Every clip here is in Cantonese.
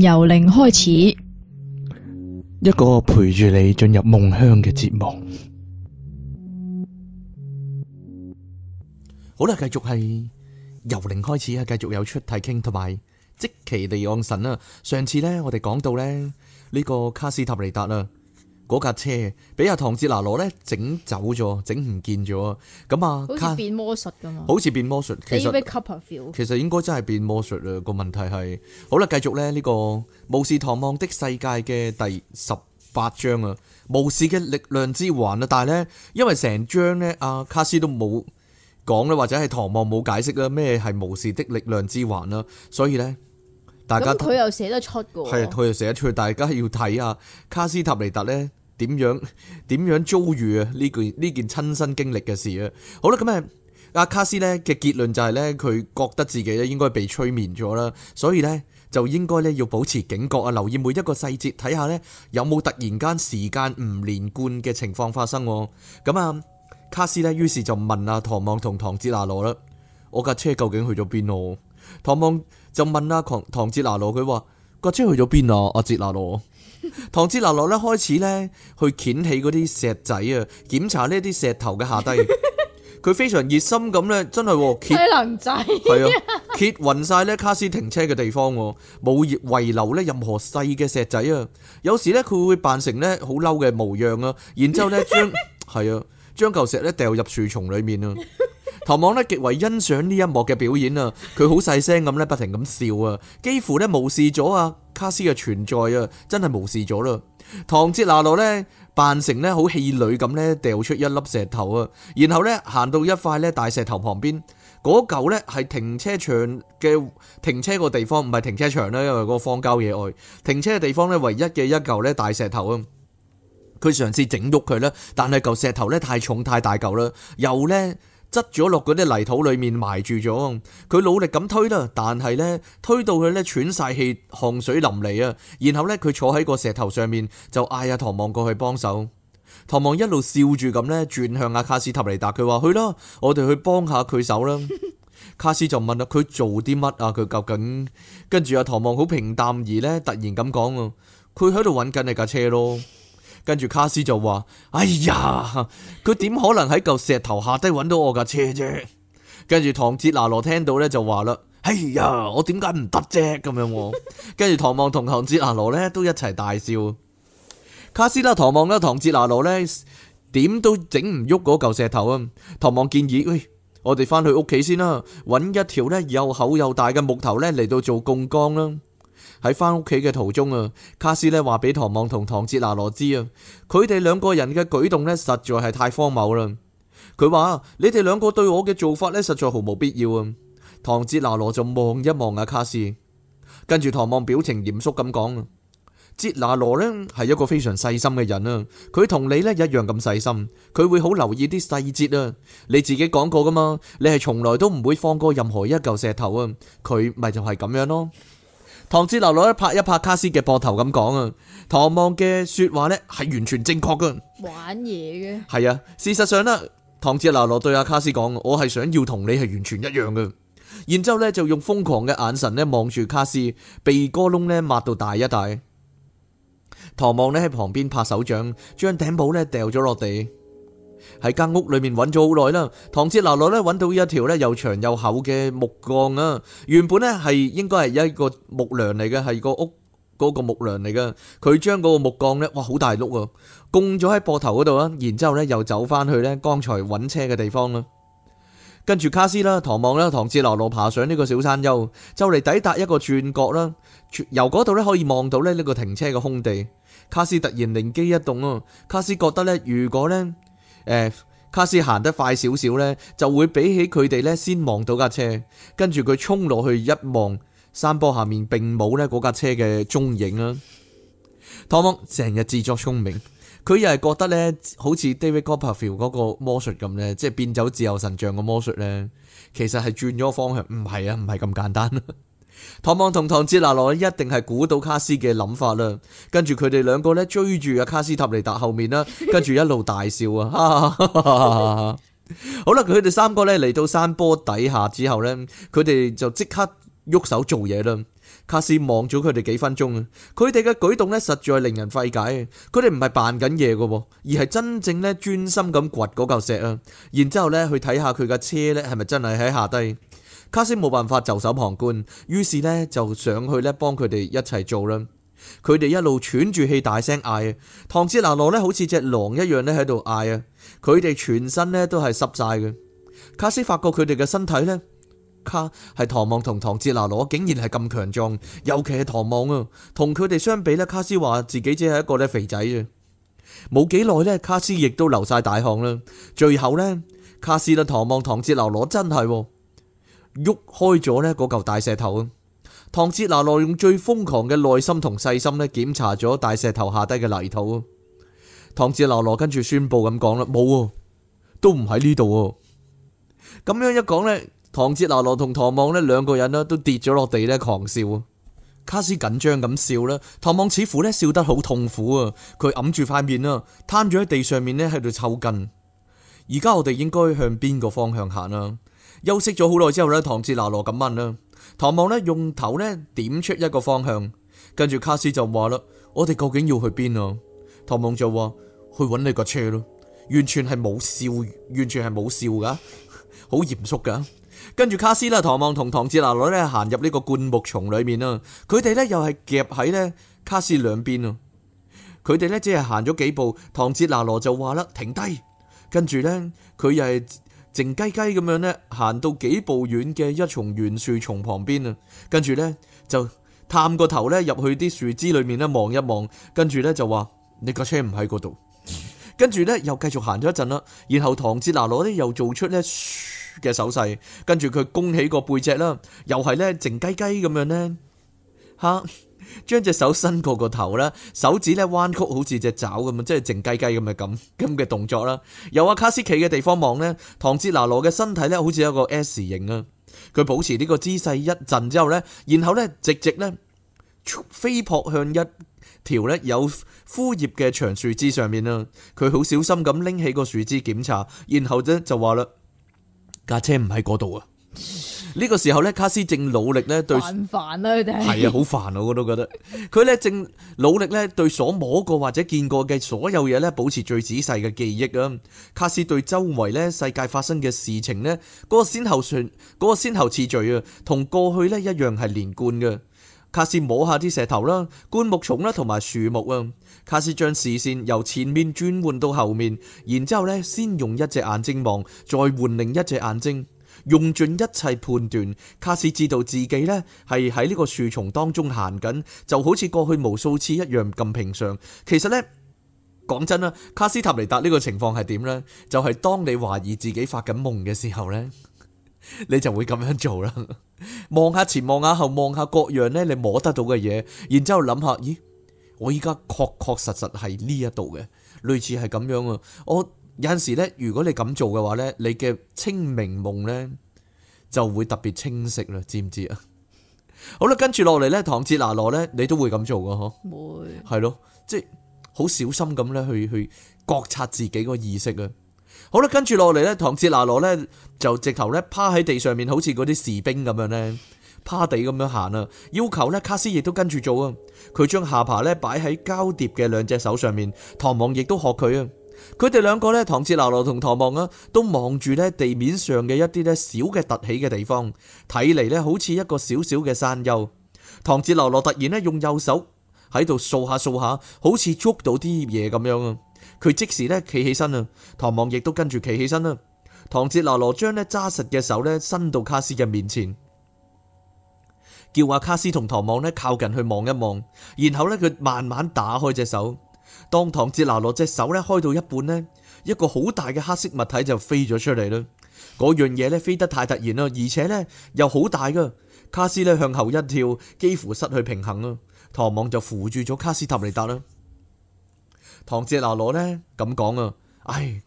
由零開始，一個陪住你進入夢鄉嘅節目。好啦，繼續係由零開始啊，繼續有出題傾同埋即期地昂神啦。上次呢，我哋講到咧、呢、呢個卡斯塔尼達啦。嗰架車俾阿唐哲拿羅咧整走咗，整唔見咗，咁啊，好似變魔術噶嘛，好似變魔術，其實其實應該真係變魔術啊！個問題係，好啦，繼續咧呢、這個《巫士唐望的世界》嘅第十八章啊，《巫士嘅力量之環》啊，但係咧，因為成章咧阿卡斯都冇講咧，或者係唐望冇解釋啦，咩係巫士的力量之環啦，所以咧，大家佢又寫得出噶，係佢又寫得出，大家要睇啊，卡斯塔尼達咧。點樣點樣遭遇，啊呢件呢件親身經歷嘅事啊。好啦，咁啊，阿卡斯咧嘅結論就係咧，佢覺得自己咧應該被催眠咗啦，所以咧就應該咧要保持警覺啊，留意每一個細節，睇下咧有冇突然間時間唔連貫嘅情況發生。咁、嗯、啊卡斯咧於是就問阿唐望同唐哲拿羅啦，我架車究竟去咗邊哦？唐望就問阿唐唐哲拿羅，佢話架車去咗邊啊？阿哲拿羅。唐之立立咧開始咧去掀起嗰啲石仔啊，檢查呢啲石頭嘅下低。佢非常熱心咁咧，真係，揭輪仔係啊，揭匀晒咧卡斯停車嘅地方，冇葉遺留咧任何細嘅石仔啊。有時咧佢會扮成咧好嬲嘅模樣 啊，然之後咧將係啊將嚿石咧掉入樹叢裏面啊。唐望咧極為欣賞呢一幕嘅表演啊，佢好細聲咁咧不停咁笑啊，幾乎咧無視咗啊。卡斯嘅存在啊，真係無視咗啦！唐哲拿羅咧扮成咧好氣餒咁咧，掉出一粒石頭啊，然後咧行到一塊咧大石頭旁邊，嗰嚿咧係停車場嘅停車個地方，唔係停車場啦，因為嗰個荒郊野外，停車嘅地方咧唯一嘅一嚿咧大石頭啊，佢嘗試整喐佢啦，但係嚿石頭咧太重太大嚿啦，又咧。執咗落嗰啲泥土裏面埋住咗，佢努力咁推啦，但係呢，推到佢呢喘晒氣，汗水淋漓啊！然後呢，佢坐喺個石頭上面就嗌啊，唐望過去幫手。唐望一路笑住咁呢轉向阿卡斯塔尼達，佢話 去啦，我哋去幫下佢手啦。卡斯就問啦，佢做啲乜啊？佢究竟跟住阿唐望好平淡而呢突然咁講，佢喺度揾緊你架車咯。跟住卡斯就話：哎呀，佢點可能喺嚿石頭下低揾到我架車啫？跟住唐哲拿羅聽到咧就話啦：，哎呀，我點解唔得啫？咁樣喎，跟住唐望同唐哲拿羅咧都一齊大笑。卡斯啦，唐望啦，唐哲拿羅咧點都整唔喐嗰嚿石頭啊！唐望建議：，喂，我哋翻去屋企先啦，揾一條咧又厚又大嘅木頭咧嚟到做槓桿啦。喺返屋企嘅途中啊，卡斯呢話俾唐望同唐哲拿羅知啊，佢哋兩個人嘅舉動呢，實在係太荒謬啦。佢話，你哋兩個對我嘅做法呢，實在毫無必要啊。唐哲拿羅就望一望啊卡斯，跟住唐望表情嚴肅咁講，哲拿羅呢，係一個非常細心嘅人啊。佢同你呢一樣咁細心，佢會好留意啲細節啊。你自己講過噶嘛，你係從來都唔會放過任何一嚿石頭啊，佢咪就係咁樣咯。唐哲流落，一拍一拍卡斯嘅膊頭咁講啊，唐望嘅說話呢係完全正確噶玩嘢嘅係啊，事實上呢，唐哲流落對阿卡斯講，我係想要同你係完全一樣嘅。然之後咧，就用瘋狂嘅眼神呢望住卡斯，鼻哥窿呢擘到大一大。唐望呢喺旁邊拍手掌，將頂帽呢掉咗落地。喺間屋裏面揾咗好耐啦，唐哲流落揾到一條咧又長又厚嘅木槓啊，原本呢係應該係一個木梁嚟嘅，係個屋嗰個木梁嚟嘅。佢將嗰個木槓呢，哇，好大碌啊，供咗喺膊頭嗰度啦，然之後咧又走翻去呢剛才揾車嘅地方啦。跟住卡斯啦，唐望呢，唐哲流落爬上呢個小山丘，就嚟抵達一個轉角啦，由嗰度呢，可以望到咧呢個停車嘅空地。卡斯突然靈機一動啊，卡斯覺得呢，如果呢……誒、欸，卡斯行得快少少呢，就會比起佢哋呢先望到架車，跟住佢衝落去一望，山坡下面並冇呢嗰架車嘅蹤影啊！唐望成日自作聰明，佢又係覺得呢好似 David Copperfield 嗰個魔術咁呢，即係變走自由神像嘅魔術呢，其實係轉咗個方向，唔係啊，唔係咁簡單。 唐望同唐哲拿羅一定係估到卡斯嘅諗法啦，跟住佢哋兩個咧追住個卡斯塔尼達後面啦，跟住一路大笑啊！好啦，佢哋三個咧嚟到山坡底下之後咧，佢哋就即刻喐手做嘢啦。卡斯望咗佢哋幾分鐘啊，佢哋嘅舉動咧實在令人費解啊！佢哋唔係扮緊嘢噶，而係真正咧專心咁掘嗰嚿石啊，然之後咧去睇下佢架車咧係咪真係喺下低。卡斯冇辦法袖手旁觀，於是呢，就上去咧幫佢哋一齊做啦。佢哋一路喘住氣，大聲嗌。唐哲娜羅咧好似隻狼一樣咧喺度嗌啊。佢哋全身咧都係濕晒嘅。卡斯發覺佢哋嘅身體咧，卡係唐望同唐哲娜羅竟然係咁強壯，尤其係唐望啊。同佢哋相比咧，卡斯話自己只係一個咧肥仔啊。冇幾耐咧，卡斯亦都流晒大汗啦。最後咧，卡斯啦，唐望唐哲娜羅真係。喐開咗呢嗰嚿大石頭啊！唐哲拿羅用最瘋狂嘅耐心同細心咧檢查咗大石頭下低嘅泥土啊！唐哲拿羅跟住宣布咁講啦，冇哦、啊，都唔喺呢度哦！咁樣一講呢，唐哲拿羅同唐望呢兩個人啦都跌咗落地咧狂笑啊！卡斯緊張咁笑啦，唐望似乎咧笑得好痛苦啊！佢揞住塊面啦，攤住喺地上面咧喺度抽筋。而家我哋應該向邊個方向行啊？休息咗好耐之後咧，唐哲拿羅咁問啦，唐望咧用頭咧點出一個方向，跟住卡斯就話啦，我哋究竟要去邊啊？唐望就話去搵你個車咯，完全係冇笑，完全係冇笑噶，好嚴肅噶。跟住卡斯啦，唐望同唐哲拿羅咧行入呢個灌木叢裏面啊，佢哋咧又係夾喺咧卡斯兩邊啊，佢哋咧只係行咗幾步，唐哲拿羅就話啦停低，跟住咧佢又係。靜雞雞咁樣咧，行到幾步遠嘅一叢懸樹叢旁邊啊，跟住咧就探個頭咧入去啲樹枝裏面啦望一望，跟住咧就話你架車唔喺嗰度，跟住咧又繼續行咗一陣啦，然後唐浙娜攞啲又做出咧噓嘅手勢，跟住佢弓起個背脊啦，又係咧靜雞雞咁樣咧。哈！將隻手伸過個頭啦，手指咧彎曲，好似隻爪咁啊，即係靜雞雞咁嘅咁咁嘅動作啦。由阿卡斯奇嘅地方望咧，唐哲拿羅嘅身體咧好似有個 S 型啊。佢保持呢個姿勢一陣之後咧，然後咧直直咧飛撲向一條咧有枯葉嘅長樹枝上面啊。佢好小心咁拎起個樹枝檢查，然後咧就話啦：架車唔喺嗰度啊！呢個時候咧，卡斯正努力咧對煩啦，佢哋係 啊，好煩我，我都覺得佢咧正努力咧對所摸過或者見過嘅所有嘢咧保持最仔細嘅記憶啊。卡斯對周圍咧世界發生嘅事情呢，嗰、嗰個先後順，嗰個先後次序啊，同過去咧一樣係連貫嘅。卡斯摸下啲石頭啦、灌木叢啦同埋樹木啊。卡斯將視線由前面轉換到後面，然之後咧先用一隻眼睛望，再換另一隻眼睛。用盡一切判斷，卡斯知道自己呢係喺呢個樹叢當中行緊，就好似過去無數次一樣咁平常。其實呢，講真啦，卡斯塔尼達呢個情況係點呢？就係當你懷疑自己發緊夢嘅時候呢，你就會咁樣做啦。望下前，望下後，望下各樣呢，你摸得到嘅嘢，然之後諗下，咦，我依家確確實實係呢一度嘅，類似係咁樣啊，我。有陣時咧，如果你咁做嘅話咧，你嘅清明夢咧就會特別清晰啦，知唔知啊？ 好啦，跟住落嚟咧，唐哲拿羅咧，你都會咁做噶嗬？會係咯，即係好小心咁咧去去，去覺察自己個意識啊！好啦，跟住落嚟咧，唐哲拿羅咧就直頭咧趴喺地上面，好似嗰啲士兵咁樣咧趴地咁樣行啦。要求咧，卡斯亦都跟住做啊！佢將下巴咧擺喺交疊嘅兩隻手上面，唐望亦都學佢啊！佢哋兩個咧，唐哲流羅同唐望啊，都望住咧地面上嘅一啲咧小嘅凸起嘅地方，睇嚟咧好似一個小小嘅山丘。唐哲流羅突然咧用右手喺度掃下掃下，好似捉到啲嘢咁樣啊！佢即時咧企起身啊，唐望亦都跟住企起身啊。唐哲流羅將咧揸實嘅手咧伸到卡斯嘅面前，叫阿卡斯同唐望咧靠近去望一望，然後咧佢慢慢打開隻手。當唐哲拿羅隻手咧開到一半呢，一個好大嘅黑色物體就飛咗出嚟啦。嗰樣嘢咧飛得太突然啦，而且咧又好大噶。卡斯咧向後一跳，幾乎失去平衡，那個、 啊，啊。唐望就扶住咗卡斯塔尼達啦。唐哲拿羅咧咁講啊，唉，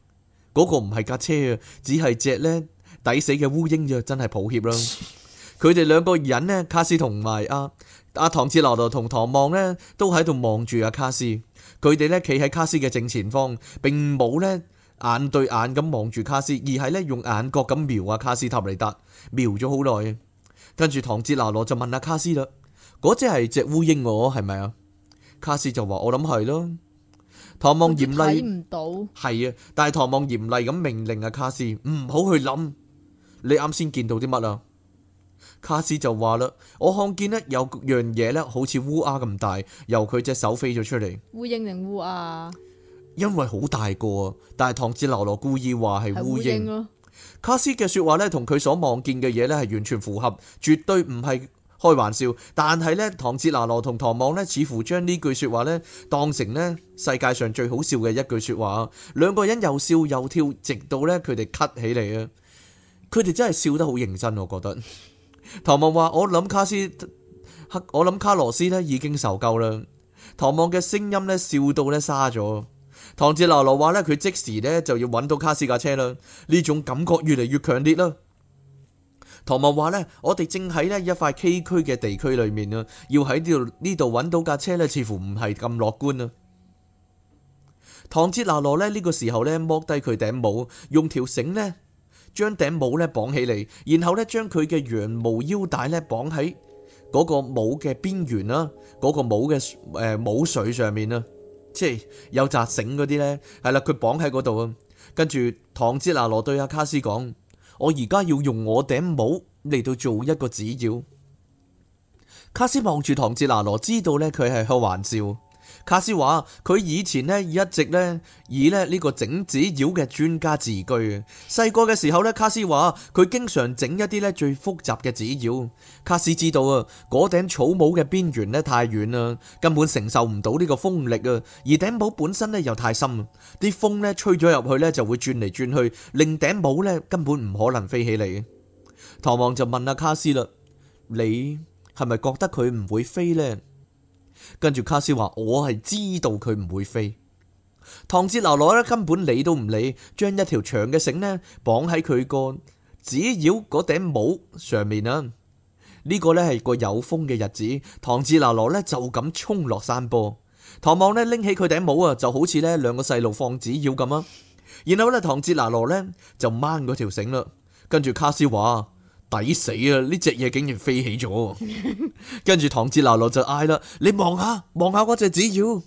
嗰個唔係架車啊，只係隻咧抵死嘅烏鷹啫，真係抱歉啦。佢哋兩個人呢，卡斯同埋阿阿唐哲拿羅同唐望咧，都喺度望住阿卡斯。佢哋咧企喺卡斯嘅正前方，並冇咧眼對眼咁望住卡斯，而係咧用眼角咁瞄下卡斯塔尼達，瞄咗好耐。跟住唐哲拿羅就問下卡斯啦：嗰隻係隻烏鷹喎，係咪啊？卡斯就話：我諗係咯。唐望嚴厲，係啊，但係唐望嚴厲咁命令阿卡斯唔好去諗你啱先見到啲乜啊。卡斯就話啦，我看見呢有樣嘢咧，好似烏鴉咁大，由佢隻手飛咗出嚟。烏鷹定烏鴉？因為好大個啊，但係唐智拿羅故意話係烏鷹咯。卡斯嘅說話咧，同佢所望見嘅嘢咧係完全符合，絕對唔係開玩笑。但係咧，唐智拿羅同唐望咧，似乎將呢句說話咧當成呢世界上最好笑嘅一句說話，兩個人又笑又跳，直到咧佢哋咳起嚟啊！佢哋真係笑得好認真，我覺得。唐望話：我諗卡斯，我諗卡羅斯咧已經受夠啦。唐望嘅聲音咧笑到咧沙咗。唐哲拿羅話咧佢即時咧就要揾到卡斯架車啦。呢種感覺越嚟越強烈啦。唐望話咧：我哋正喺呢一塊崎嶇嘅地區裏面啦，要喺呢度呢度揾到架車呢，似乎唔係咁樂觀啦。唐哲拿羅呢，呢個時候呢，剝低佢頂帽，用條繩呢。將頂帽咧綁起嚟，然後咧將佢嘅羊毛腰帶咧綁喺嗰個帽嘅邊緣啦，嗰、嗰個帽嘅誒帽穗上面啦，即係有扎繩嗰啲咧係啦，佢綁喺嗰度啊。跟住唐哲拿羅對阿卡斯講：，我而家要用我頂帽嚟到做一個指腰。卡斯望住唐哲拿羅，知道咧佢係開玩笑。卡斯話佢以前咧一直咧以咧呢個整紙鷂嘅專家自居。細個嘅時候咧，卡斯話佢經常整一啲咧最複雜嘅紙鷂。卡斯知道啊，嗰頂草帽嘅邊緣咧太軟啦，根本承受唔到呢個風力啊。而頂帽本身咧又太深，啲風咧吹咗入去咧就會轉嚟轉去，令頂帽咧根本唔可能飛起嚟。唐望就問阿卡斯啦：，你係咪覺得佢唔會飛呢？」跟住卡斯話：我係知道佢唔會飛。唐哲拿羅咧根本理都唔理，將一條長嘅繩呢綁喺佢個紙鷂嗰頂帽上面啊！呢個呢係個有風嘅日子，唐哲拿羅呢就咁衝落山坡。唐望呢拎起佢頂帽啊，就好似呢兩個細路放紙鷂咁啊！然後呢，唐哲拿羅呢就掹嗰條繩啦，跟住卡斯話。抵死啊！呢隻嘢竟然飛起咗，跟住 唐志拿落就嗌啦：， 你望下，望下嗰隻紙鷂。那」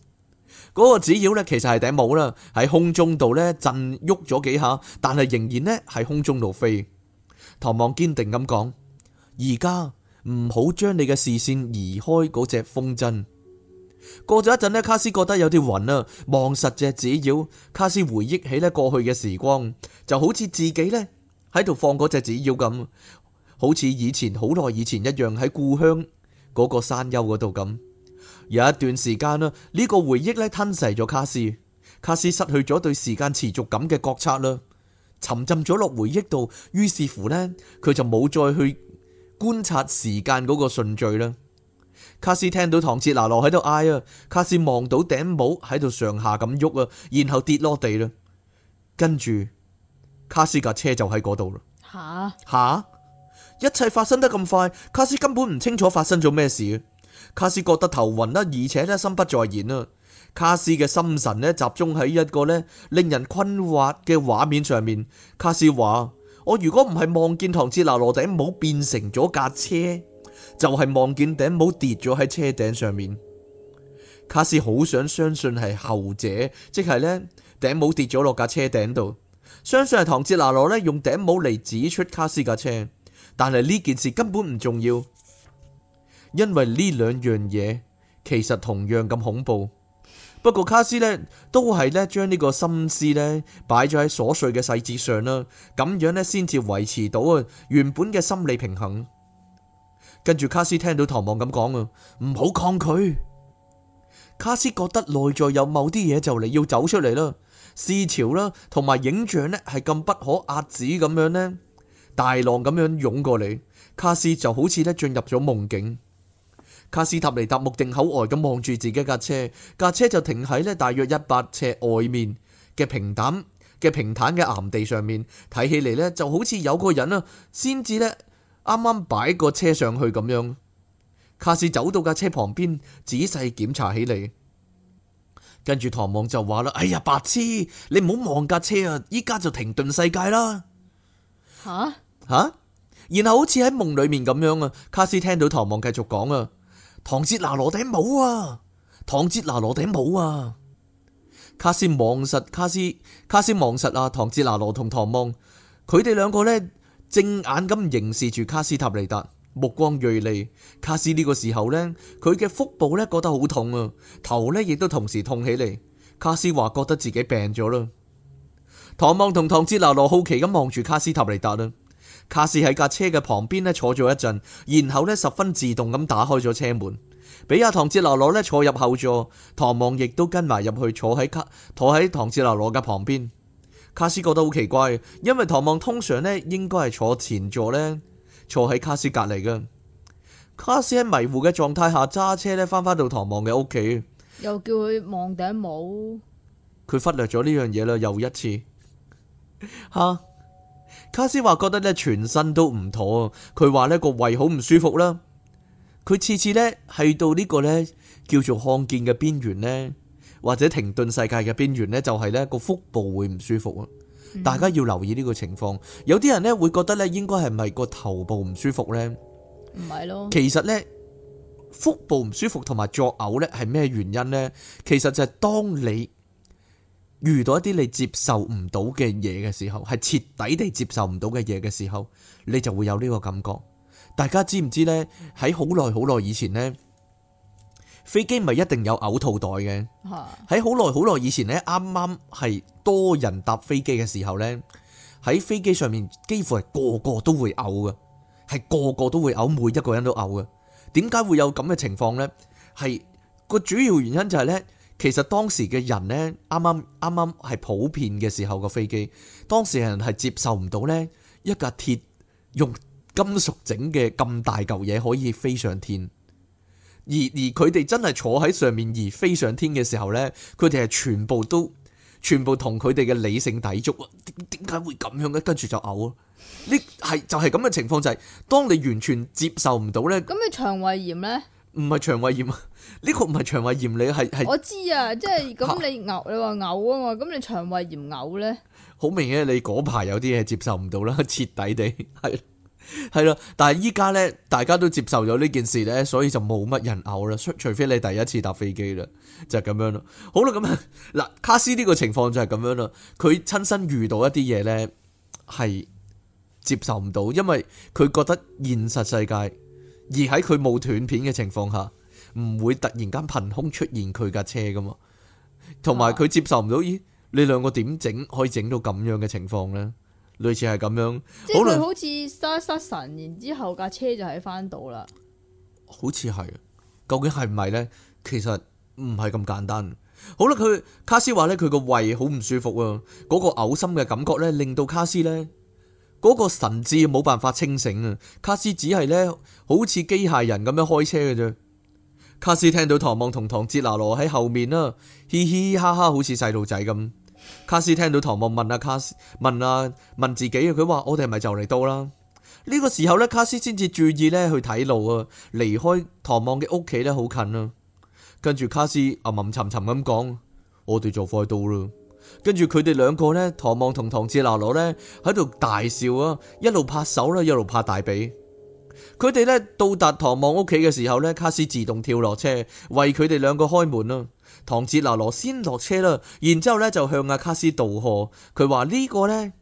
嗰個紙鷂呢，其實係頂帽啦，喺空中度呢震喐咗幾下，但係仍然呢喺空中度飛。唐望堅定咁講：，而家唔好將你嘅視線移開嗰隻風箏。過咗一陣呢，卡斯覺得有啲暈啦，望實隻紙鷂，卡斯回憶起呢過去嘅時光，就好似自己呢喺度放嗰隻紙鷂咁。好似以前好耐以前一樣，喺故鄉嗰個山丘嗰度咁，有一段時間啦。呢、呢個回憶咧，吞噬咗卡斯，卡斯失去咗對時間持續感嘅覺察啦，沉浸咗落回憶度。於是乎呢，佢就冇再去觀察時間嗰個順序啦。卡斯聽到唐哲拿羅喺度嗌啊，卡斯望到頂帽喺度上下咁喐啊，然後跌落地啦，跟住卡斯架車就喺嗰度啦。吓吓哈！一切發生得咁快，卡斯根本唔清楚發生咗咩事。卡斯覺得頭暈啦，而且咧心不在焉啦。卡斯嘅心神咧集中喺一個咧令人困惑嘅畫面上面。卡斯話：我如果唔係望見唐哲拿羅頂帽變成咗架車，就係望見頂帽跌咗喺車頂上面。卡斯好想相信係後者，即係呢，頂帽跌咗落架車頂度，相信係唐哲拿羅咧用頂帽嚟指出卡斯架車。但係呢件事根本唔重要，因為呢兩樣嘢其實同樣咁恐怖。不過卡斯咧都係咧將呢個心思咧擺咗喺瑣碎嘅細節上啦，咁樣咧先至維持到原本嘅心理平衡。跟住卡斯聽到唐望咁講啊，唔好抗拒。卡斯覺得內在有某啲嘢就嚟要走出嚟啦，思潮啦同埋影像咧係咁不可遏止咁樣呢。大浪咁樣湧過嚟，卡斯就好似咧進入咗夢境。卡斯塔尼達目定口呆咁望住自己架車，架車就停喺呢大約一百尺外面嘅平坦嘅平坦嘅岩地上面，睇起嚟呢就好似有個人啊，先至呢啱啱擺個車上去咁樣。卡斯走到架車旁邊，仔細檢查起嚟，跟住唐望就話啦：哎呀白痴，你唔好望架車啊！依家就停頓世界啦，吓！吓，啊，然後好似喺夢裏面咁樣啊！卡斯聽到唐望繼續講啊，唐哲拿羅頂帽啊，唐哲拿羅頂帽啊！卡斯望實卡斯，卡斯望實啊！唐哲拿羅同唐望，佢哋兩個呢，正眼咁凝視住卡斯塔尼達，目光銳利。卡斯呢個時候呢，佢嘅腹部呢覺得好痛啊，頭呢亦都同時痛起嚟。卡斯話覺得自己病咗啦。唐望同唐哲拿羅好奇咁望住卡斯塔尼達啦。卡斯喺架車嘅旁邊咧坐咗一陣，然後咧十分自動咁打開咗車門，俾阿唐哲娜羅咧坐入後座，唐望亦都跟埋入去坐喺卡，坐喺唐哲娜羅嘅旁邊。卡斯覺得好奇怪，因為唐望通常咧應該係坐前座咧，坐喺卡斯隔籬嘅。卡斯喺迷糊嘅狀態下揸車咧返返到唐望嘅屋企，又叫佢望頂帽，佢忽略咗呢樣嘢啦，又一次，吓。卡斯話覺得咧全身都唔妥，佢話咧個胃好唔舒服啦。佢次次咧係到呢、這個咧叫做看見嘅邊緣咧，或者停頓世界嘅邊緣咧，就係咧個腹部會唔舒服啊。嗯、大家要留意呢個情況。有啲人咧會覺得咧應該係咪個頭部唔舒服呢？其實咧腹部唔舒服同埋作嘔咧係咩原因呢？其實就係當你。遇到一啲你接受唔到嘅嘢嘅時候，係徹底地接受唔到嘅嘢嘅時候，你就會有呢個感覺。大家知唔知呢？喺好耐好耐以前呢，飛機唔係一定有嘔吐袋嘅。喺好耐好耐以前呢，啱啱係多人搭飛機嘅時候呢，喺飛機上面幾乎係個個都會嘔嘅，係個個都會嘔，每一個人都嘔嘅。點解會有咁嘅情況呢？係個主要原因就係呢。其實當時嘅人呢，啱啱啱啱係普遍嘅時候個飛機，當時人係接受唔到呢一架鐵用金屬整嘅咁大嚿嘢可以飛上天。而而佢哋真係坐喺上面而飛上天嘅時候呢，佢哋係全部都全部同佢哋嘅理性抵觸。點點解會咁樣呢？跟住就嘔咯。呢係就係咁嘅情況就係，當你完全接受唔到呢。咁你腸胃炎呢？唔係腸胃炎啊！呢個唔係腸胃炎，你係係我知啊，即係咁你嘔，啊、你話嘔啊嘛，咁你腸胃炎嘔咧？好明顯、啊，你嗰排有啲嘢接受唔到啦，徹底地係係咯。但係依家咧，大家都接受咗呢件事咧，所以就冇乜人嘔啦。除非你第一次搭飛機啦，就咁、是、樣咯。好啦，咁啊嗱，卡斯呢個情況就係咁樣啦。佢親身遇到一啲嘢咧，係接受唔到，因為佢覺得現實世界。而喺佢冇斷片嘅情況下，唔會突然間憑空出現佢架車㗎嘛，同埋佢接受唔到、啊、咦？你兩個點整可以整到咁樣嘅情況呢？類似係咁樣，即係好似失失神，然之後架車就喺翻到啦。好似係，究竟係唔係呢？其實唔係咁簡單。好啦，佢卡斯話呢，佢個胃好唔舒服啊，嗰、那個嘔心嘅感覺呢，令到卡斯呢。嗰個神智冇辦法清醒啊！卡斯只係呢好似機械人咁樣開車嘅啫。卡斯聽到唐望同唐哲拿羅喺後面啦，嘻嘻哈哈，好似細路仔咁。卡斯聽到唐望問阿、啊、卡斯，問阿、啊、問自己啊，佢話我哋係咪就嚟到啦？呢、這個時候呢，卡斯先至注意呢去睇路啊，離開唐望嘅屋企呢，好近啊。跟住卡斯吟吟沉沉咁講：我哋就快到啦。跟住佢哋兩個呢，唐望同唐哲拿羅呢，喺度大笑啊，一路拍手啦，一路拍大髀。佢哋呢，到達唐望屋企嘅時候呢，卡斯自動跳落車為佢哋兩個開門啊。唐哲拿羅先落車啦，然之後呢就向阿卡斯道賀。佢話呢個呢，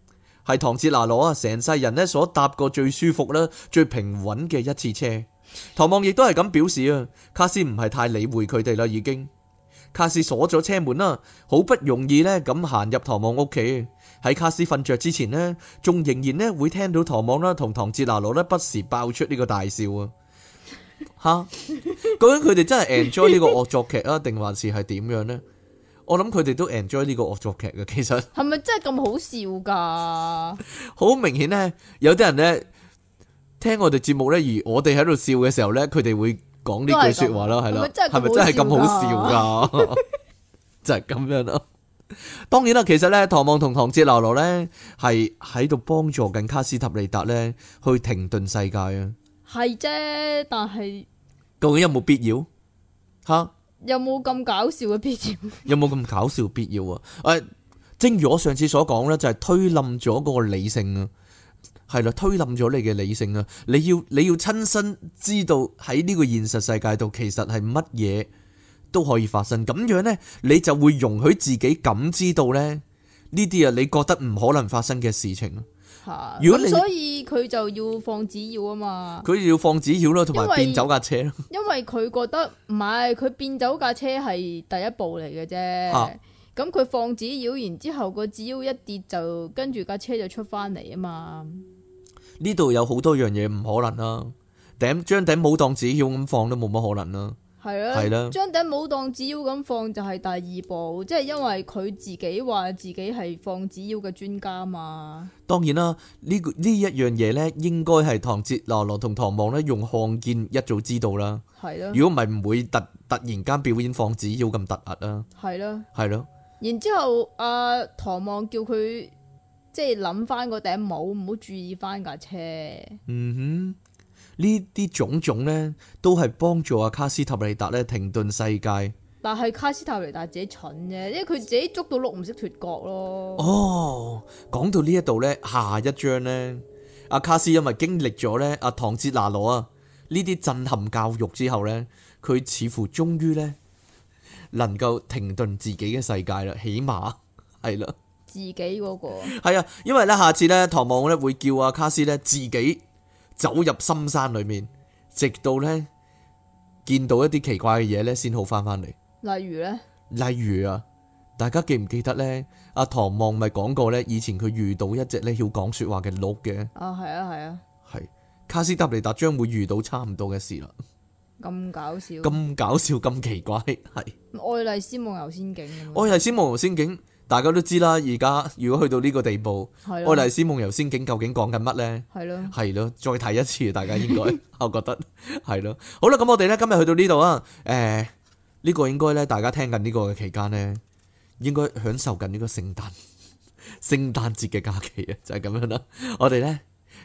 係唐哲拿羅啊，成世人呢所搭過最舒服啦、最平穩嘅一次車。唐望亦都係咁表示啊。卡斯唔係太理會佢哋啦，已經。卡斯鎖咗車門啦，好不容易呢，咁行入唐望屋企，喺卡斯瞓着之前呢，仲仍然呢會聽到唐望啦同唐傑拿羅呢不時爆出呢個大笑啊！吓，究竟佢哋真係 enjoy 呢個惡作劇啊，定還是係點樣呢？我諗佢哋都 enjoy 呢個惡作劇嘅，其實係咪真係咁好笑噶？好 明顯呢，有啲人呢，聽我哋節目呢，而我哋喺度笑嘅時候呢，佢哋會。講呢句說話咯，係咯，係咪真係咁好笑噶？ 就係咁這樣咯。 當然啦，其實咧，唐望同唐哲流羅咧，係喺度幫助緊卡斯塔尼達咧，去停頓世界啊。係啫，但係究竟有冇必要？吓、啊，有冇咁搞笑嘅必要？ 有冇咁搞笑必要啊？誒、哎，正如我上次所講咧，就係、是、推冧咗嗰個理性啊。係啦，推冧咗你嘅理性啊！你要你要親身知道喺呢個現實世界度，其實係乜嘢都可以發生。咁樣呢，你就會容許自己感知到咧呢啲啊，你覺得唔可能發生嘅事情咯。咁、啊、如果你、所以佢就要放紙鷂啊嘛，佢要放紙鷂咯，同埋為變走架車咯。因為佢覺得唔係，佢變走架車係第一步嚟嘅啫。咁佢、啊、放紙鷂，然之後個紙鷂一跌，就跟住架車就出翻嚟啊嘛。呢度有好多樣嘢唔可能啦、啊，頂張頂冇當紙鷂咁放都冇乜可能啦、啊。係啦、啊，係啦、啊，張頂冇當紙鷂咁放就係第二步，即係因為佢自己話自己係放紙鷂嘅專家嘛。當然啦、啊，呢個呢一樣嘢咧，應該係唐哲羅羅同唐望咧用看見一早知道啦。係啦、啊，如果唔係唔會突突然間表演放紙鷂咁突兀啦。係啦，係咯。然之後阿、啊、唐望叫佢。即係諗翻嗰頂帽，唔好注意翻架車。嗯哼，呢啲種種呢都係幫助阿卡斯塔利達咧停頓世界。但係卡斯塔利達自己蠢啫，因為佢自己捉到鹿唔識脫角咯。哦，講到呢一度呢，下一章呢，阿卡斯因為經歷咗呢阿唐哲拿羅啊呢啲震撼教育之後呢，佢似乎終於呢能夠停頓自己嘅世界啦，起碼係啦。自己嗰、那個係啊，因為咧，下次咧，唐望咧會叫阿卡斯咧自己走入深山裏面，直到咧見到一啲奇怪嘅嘢咧，先好返返嚟。例如咧，例如啊，大家記唔記得咧？阿唐望咪講過咧，以前佢遇到一隻咧要講說話嘅鹿嘅。啊，係啊，係啊，係、啊。卡斯達尼達將會遇到差唔多嘅事啦。咁搞笑！咁搞笑！咁奇怪係愛麗絲夢遊仙境。愛麗絲夢遊仙境。大家都知啦，而家如果去到呢個地步，的《愛麗絲夢遊仙境》究竟講緊乜呢？係咯的，再睇一次，大家應該， 我覺得係咯。好啦，咁我哋呢今日去到呢度啊，誒、呃、呢、這個應該呢，大家聽緊呢個嘅期間呢，應該享受緊呢個聖誕聖誕節嘅假期啊，就係、是、咁樣啦。我哋呢，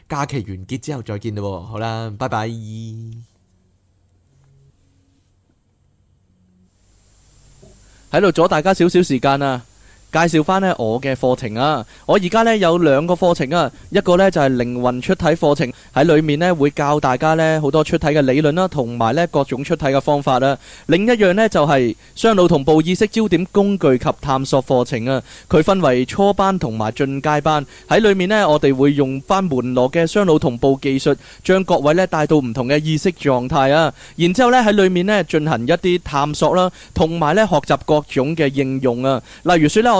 假期完結之後再見咯，好啦，拜拜。喺度阻大家少少時間啊！介紹翻咧我嘅課程啊！我而家咧有兩個課程啊，一個咧就係靈魂出體課程，喺裡面咧會教大家咧好多出體嘅理論啦，同埋咧各種出體嘅方法啦。另一樣咧就係雙腦同步意識焦點工具及探索課程啊。佢分為初班同埋進階班，喺裡面咧我哋會用翻門羅嘅雙腦同步技術，將各位咧帶到唔同嘅意識狀態啊。然之後咧喺裡面咧進行一啲探索啦，同埋咧學習各種嘅應用啊。例如説咧我。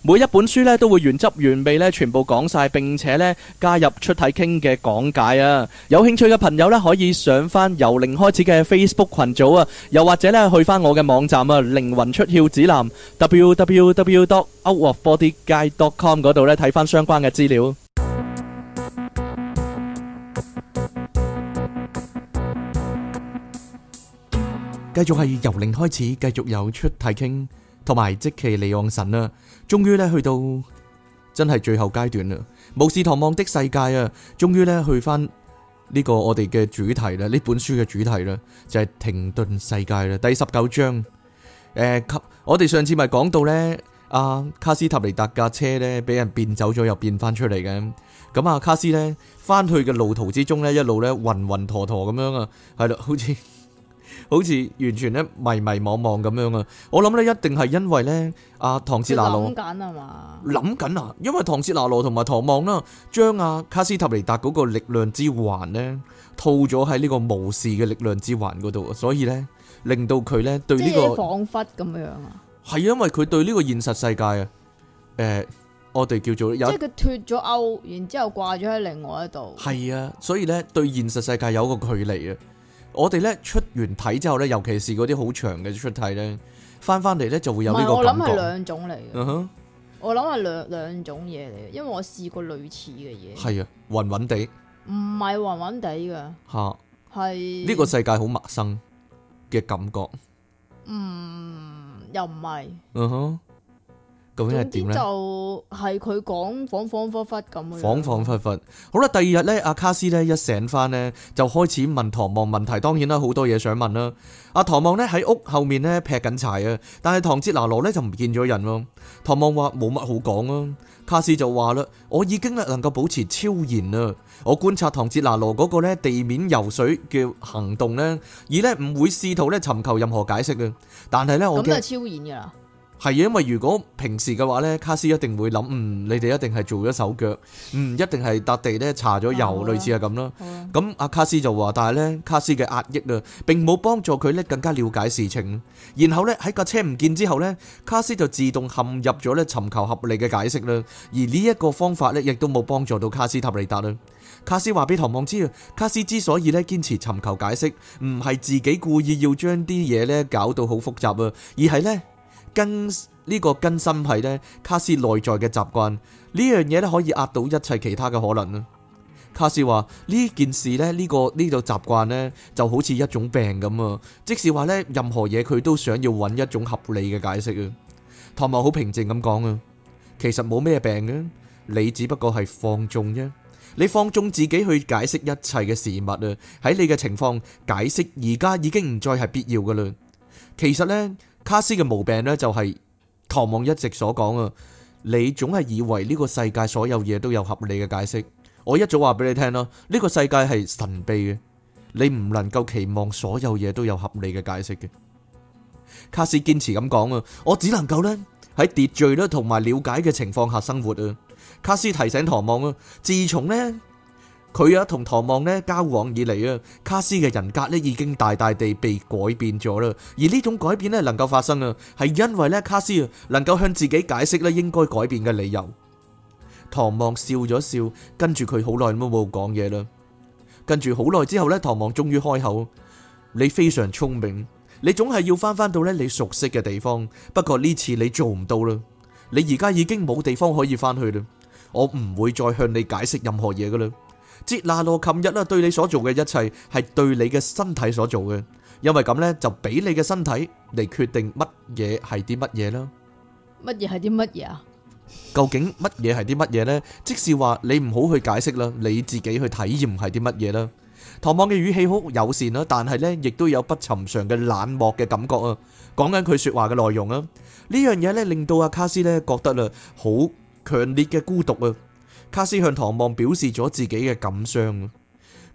每一本書咧都會原汁原味咧全部講晒，並且咧加入出體傾嘅講解啊！有興趣嘅朋友咧可以上翻由零開始嘅 Facebook 群組啊，又或者咧去翻我嘅網站啊，靈魂出竅指南 www.outofbodyguide.com 嗰度咧睇翻相關嘅資料。繼續係由零開始，繼續有出體傾同埋即其利用神啊！終於咧去到真係最後階段啦，《無事堂望的世界巫士唐望的世界》啊，終於咧去翻呢個我哋嘅主題啦，呢本書嘅主題啦，就係停頓世界啦，第十九章。誒，我哋上次咪講到咧，阿卡斯塔尼達架車咧俾人變走咗，又變翻出嚟嘅。咁啊，卡斯咧翻去嘅路途之中咧，一路咧暈暈陀陀咁樣啊，係啦，好似好似完全咧迷迷惘惘咁樣啊。我諗咧一定係因為咧。阿、啊、唐切拿羅諗緊係嘛？諗緊啊，因為唐切拿羅同埋唐望啦，將阿卡斯塔尼達嗰個力量之環咧套咗喺呢個巫士嘅力量之環嗰度，所以咧令到佢咧對呢、這個仿佛咁樣啊。係因為佢對呢個現實世界啊，誒、呃，我哋叫做有即係佢脫咗鈎，然之後掛咗喺另外一度。係啊，所以咧對現實世界有一個距離啊。我哋咧出完體之後咧，尤其是嗰啲好長嘅出體咧。翻翻嚟咧就會有呢個感覺。唔係，我諗係兩種嚟嘅。嗯哼，我諗係兩兩種嘢嚟嘅，因為我試過類似嘅嘢。係啊，暈暈哋。唔係暈暈哋嘅。吓！係。呢個世界好陌生嘅感覺。嗯，又唔係。嗯哼。究竟係點咧？就係佢講恍恍惚惚咁樣。恍恍惚惚，好啦，第二日咧，阿卡斯咧一醒翻咧，就開始問唐望問題。當然啦，好多嘢想問啦。阿唐望咧喺屋後面咧劈緊柴啊，但係唐哲拿羅咧就唔見咗人咯。唐望話冇乜好講啊。卡斯就話啦，我已經能夠保持超然啦。我觀察唐哲拿羅嗰個咧地面游水嘅行動咧，而咧唔會試圖咧尋求任何解釋嘅。但係咧我咁就超然噶啦。係因為如果平時嘅話咧，卡斯一定會諗，嗯，你哋一定係做咗手腳，嗯，一定係笪地咧搽咗油，嗯、類似係咁啦。咁阿、嗯、卡斯就話，但係咧卡斯嘅壓抑啊，並冇幫助佢咧更加了解事情。然後咧喺架車唔見之後咧，卡斯就自動陷入咗咧尋求合理嘅解釋啦。而呢一個方法咧，亦都冇幫助到卡斯塔利達啦。卡斯話俾唐望知啊，卡斯之所以咧堅持尋求解釋，唔係自己故意要將啲嘢咧搞到好複雜啊，而係咧。跟呢、這個更深係咧，卡斯內在嘅習慣呢樣嘢咧，可以壓倒一切其他嘅可能啊！卡斯話呢件事咧，呢、這個呢度、這個、習慣咧，就好似一種病咁啊！即使話呢任何嘢佢都想要揾一種合理嘅解釋啊！唐望好平靜咁講啊，其實冇咩病啊，你只不過係放縱啫，你放縱自己去解釋一切嘅事物啊！喺你嘅情況，解釋而家已經唔再係必要㗎喇，其實呢。卡斯嘅毛病咧就係唐望一直所講啊，你總係以為呢個世界所有嘢都有合理嘅解釋。我一早話俾你聽咯，呢個世界係神秘嘅，你唔能夠期望所有嘢都有合理嘅解釋嘅。卡斯堅持咁講啊，我只能夠呢，喺秩序啦同埋了解嘅情況下生活啊。卡斯提醒唐望啊，自從呢。佢啊，同唐望咧交往以嚟啊，卡斯嘅人格咧已經大大地被改變咗啦。而呢種改變咧能夠發生啊，係因為咧卡斯啊能夠向自己解釋咧應該改變嘅理由。唐望笑咗笑，跟住佢好耐都冇講嘢啦。跟住好耐之後咧，唐望終於開口：你非常聰明，你總係要翻翻到咧你熟悉嘅地方。不過呢次你做唔到啦，你而家已經冇地方可以翻去啦。我唔會再向你解釋任何嘢噶啦。傑拿羅琴日啦，對你所做嘅一切係對你嘅身體所做嘅，因為咁咧就俾你嘅身體嚟決定乜嘢係啲乜嘢啦。乜嘢係啲乜嘢啊？究竟乜嘢係啲乜嘢咧？即是話你唔好去解釋啦，你自己去體驗係啲乜嘢啦。唐望嘅語氣好友善啦，但係咧亦都有不尋常嘅冷漠嘅感覺啊。講緊佢說話嘅內容啊，呢樣嘢咧令到阿卡斯咧覺得啦好強烈嘅孤獨啊。卡斯向唐望表示咗自己嘅感傷，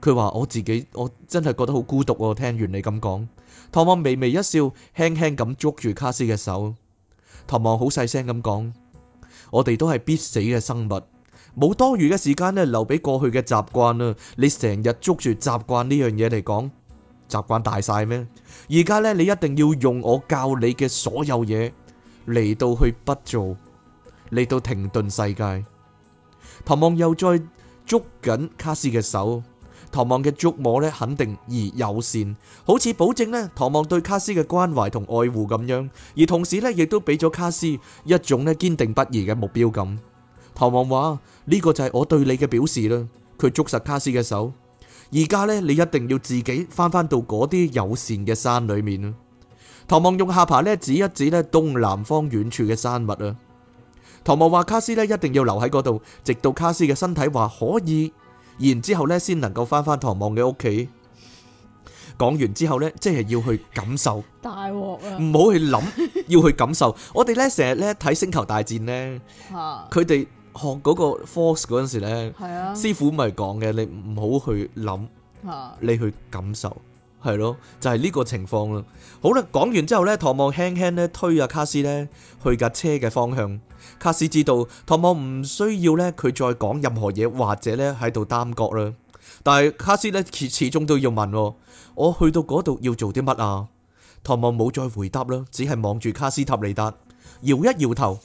佢話，我自己我真係覺得好孤獨啊。聽完你咁講，唐望微微一笑，輕輕咁捉住卡斯嘅手。唐望好細聲咁講：我哋都係必死嘅生物，冇多餘嘅時間呢留俾過去嘅習慣啊！你成日捉住習慣呢樣嘢嚟講，習慣大晒咩？而家呢，你一定要用我教你嘅所有嘢嚟到去不做，嚟到停頓世界。唐望又再捉緊卡斯嘅手，唐望嘅觸摸咧肯定而友善，好似保證咧唐望對卡斯嘅關懷同愛護咁樣，而同時咧亦都俾咗卡斯一種咧堅定不移嘅目標感。唐望話，呢個就係我對你嘅表示啦，佢捉實卡斯嘅手，而家咧你一定要自己翻翻到嗰啲友善嘅山裏面啦。唐望用下巴咧指一指咧東南方遠處嘅山脈啦。唐望話：卡斯咧一定要留喺嗰度，直到卡斯嘅身體話可以，然之後咧先能夠翻翻唐望嘅屋企。講完之後咧，即係要去感受，大鑊啦！唔好去諗，要去感受。我哋咧成日咧睇星球大戰咧，佢哋學嗰個 force 嗰陣時咧，師傅咪講嘅，你唔好去諗，你去感受。係咯，就係、是、呢個情況啦。好啦，講完之後咧，唐望輕輕咧推阿、啊、卡斯咧去架車嘅方向。卡斯知道唐望唔需要咧，佢再講任何嘢，或者咧喺度耽擱啦。但係卡斯咧始始終都要問，哦，我去到嗰度要做啲乜啊？唐望冇再回答啦，只係望住卡斯塔尼達搖一搖頭。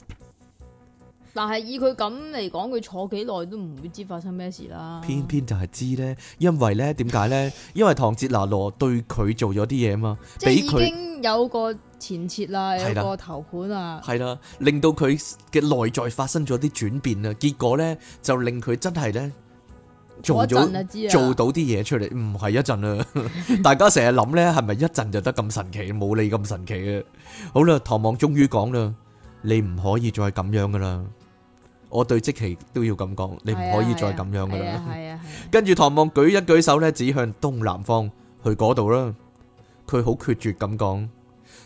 但係以佢咁嚟講，佢坐幾耐都唔會知發生咩事啦。偏偏就係知咧，因為咧點解咧？因為唐哲娜羅對佢做咗啲嘢啊嘛， 他即係已經有個前設啦，有個頭盤啊，係啦，令到佢嘅內在發生咗啲轉變啊，結果咧就令佢真係咧做咗做到啲嘢出嚟，唔係一陣啊！ 大家成日諗咧，係咪一陣就得咁神奇，冇你咁神奇啊？好啦，唐望終於講啦，你唔可以再咁樣噶啦。我對積奇都要咁講，你唔可以再咁樣噶啦。啊啊啊啊啊、跟住唐望舉一舉手咧，指向東南方去嗰度啦。佢好決絕咁講，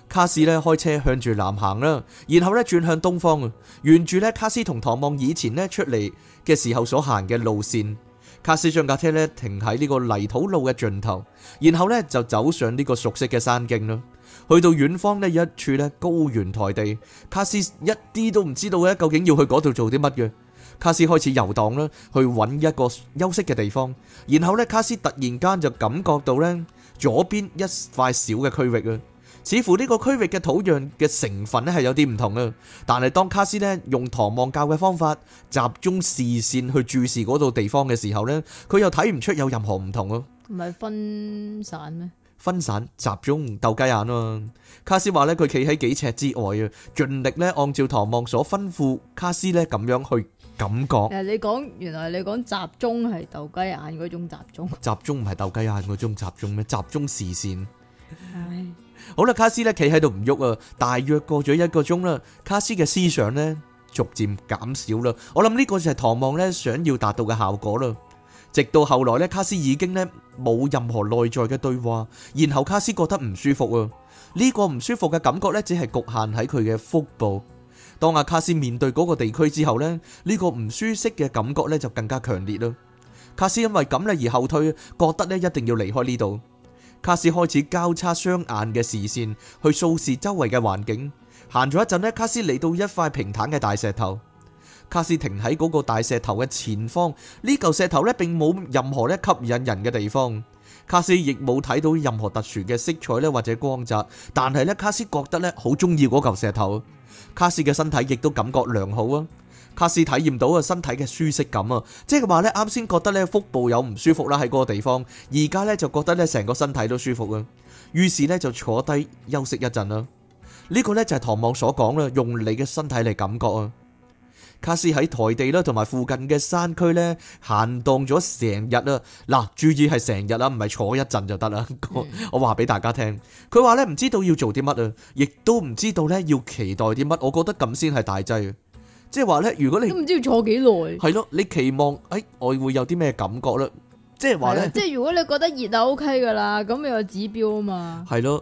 卡斯咧開車向住南行啦，然後咧轉向東方，沿住咧卡斯同唐望以前咧出嚟嘅時候所行嘅路線，卡斯將架車咧停喺呢個泥土路嘅盡頭，然後咧就走上呢個熟悉嘅山徑啦。去到遠方呢，有一處咧高原台地。卡斯一啲都唔知道咧，究竟要去嗰度做啲乜嘢。卡斯開始遊蕩啦，去揾一個休息嘅地方。然後呢，卡斯突然間就感覺到咧左邊一塊小嘅區域啊，似乎呢個區域嘅土壤嘅成分咧係有啲唔同啊。但係當卡斯咧用唐望教嘅方法集中視線去注視嗰度地方嘅時候呢，佢又睇唔出有任何唔同啊。唔係分散咩？分散集中鬥雞眼咯，啊，卡斯話咧佢企喺幾尺之外啊，盡力咧按照唐望所吩咐，卡斯咧咁樣去感覺。誒，你講原來你講集中係鬥雞眼嗰種集中，集中唔係鬥雞眼嗰種集中咩？集中視線。好啦，卡斯咧企喺度唔喐啊，大約過咗一個鐘啦，卡斯嘅思想咧逐漸減少啦，我諗呢個就係唐望咧想要達到嘅效果啦。直到後來咧，卡斯已經咧冇任何內在嘅對話，然後卡斯覺得唔舒服啊！呢個唔舒服嘅感覺咧，只係局限喺佢嘅腹部。當阿卡斯面對嗰個地區之後咧，呢個唔舒適嘅感覺咧就更加強烈啦。卡斯因為咁咧而後退，覺得咧一定要離開呢度。卡斯開始交叉雙眼嘅視線去掃視周圍嘅環境，行咗一陣咧，卡斯嚟到一塊平坦嘅大石頭。卡斯停喺嗰個大石頭嘅前方，呢嚿石頭呢並冇任何咧吸引人嘅地方，卡斯亦冇睇到任何特殊嘅色彩咧或者光澤，但係呢，卡斯覺得呢好中意嗰嚿石頭，卡斯嘅身體亦都感覺良好啊，卡斯體驗到啊身體嘅舒適感啊，即係話呢，啱先覺得呢腹部有唔舒服啦喺嗰個地方，而家呢就覺得呢成個身體都舒服啊，於是呢，就坐低休息一陣啦，呢、呢個呢，就係唐望所講啦，用你嘅身體嚟感覺啊。卡斯喺台地啦，同埋附近嘅山區咧，行蕩咗成日啦。嗱，注意係成日啦，唔係坐一陣就得啦。 我話俾大家聽，佢話咧唔知道要做啲乜啊，亦都唔知道咧要期待啲乜。我覺得咁先係大劑啊，即係話咧，如果你都唔知要坐幾耐，係咯，你期望誒、哎，我會有啲咩感覺咧、就是？即係話咧，即係如果你覺得熱就、啊、OK 噶啦，咁咪有指標啊嘛。係咯。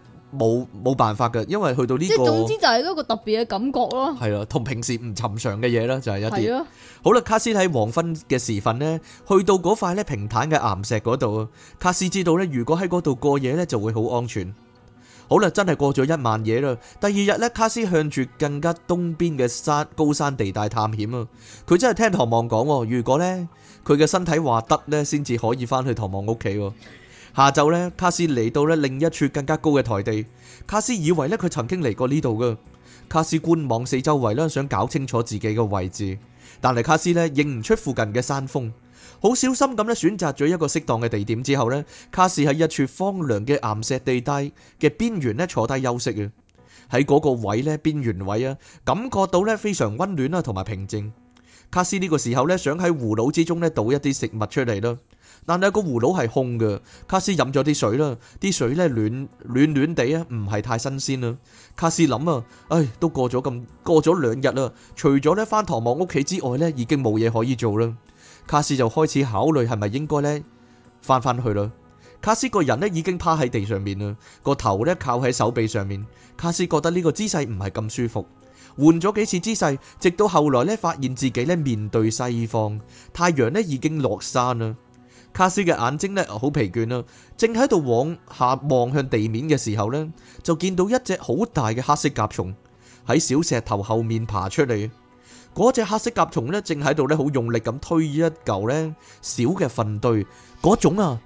冇冇辦法㗎，因為去到呢、這個即總之就係一個特別嘅感覺咯。係啊，同平時唔尋常嘅嘢啦，就係、是、一啲。的好啦，卡斯喺黃昏嘅時分呢，去到嗰塊咧平坦嘅岩石嗰度啊。卡斯知道咧，如果喺嗰度過夜咧，就會好安全。好啦，真係過咗一晚夜啦。第二日咧，卡斯向住更加東邊嘅山高山地帶探險啊。佢真係聽唐望講，如果咧佢嘅身體話得咧，先至可以翻去唐望屋企。下晝咧，卡斯嚟到咧另一處更加高嘅台地。卡斯以為咧佢曾經嚟過呢度噶。卡斯觀望四周圍啦，想搞清楚自己嘅位置。但係卡斯咧認唔出附近嘅山峰，好小心咁咧選擇咗一個適當嘅地點之後咧，卡斯喺一處荒涼嘅岩石地帶嘅邊緣咧坐低休息啊。喺嗰個位咧邊緣位啊，感覺到咧非常溫暖呀同埋平靜。卡斯呢個時候咧想喺葫蘆之中咧倒一啲食物出嚟囉。但係個葫蘆係空嘅，卡斯飲咗啲水啦，啲水咧暖，暖暖暖地啊，唔係太新鮮啦。卡斯諗啊，唉、哎，都過咗咁過咗兩日啦，除咗咧翻唐望屋企之外咧，已經冇嘢可以做啦。卡斯就開始考慮係咪應該咧翻翻去啦。卡斯個人咧已經趴喺地上面啦，個頭咧靠喺手臂上面。卡斯覺得呢個姿勢唔係咁舒服，換咗幾次姿勢，直到後來咧發現自己咧面對西方，太陽咧已經落山啦。卡斯嘅眼睛咧好疲倦啦，正喺度往下望向地面嘅時候咧，就見到一隻好大嘅黑色甲蟲喺小石頭後面爬出嚟。嗰隻黑色甲蟲咧正喺度咧好用力咁推一嚿咧小嘅糞堆，嗰種啊，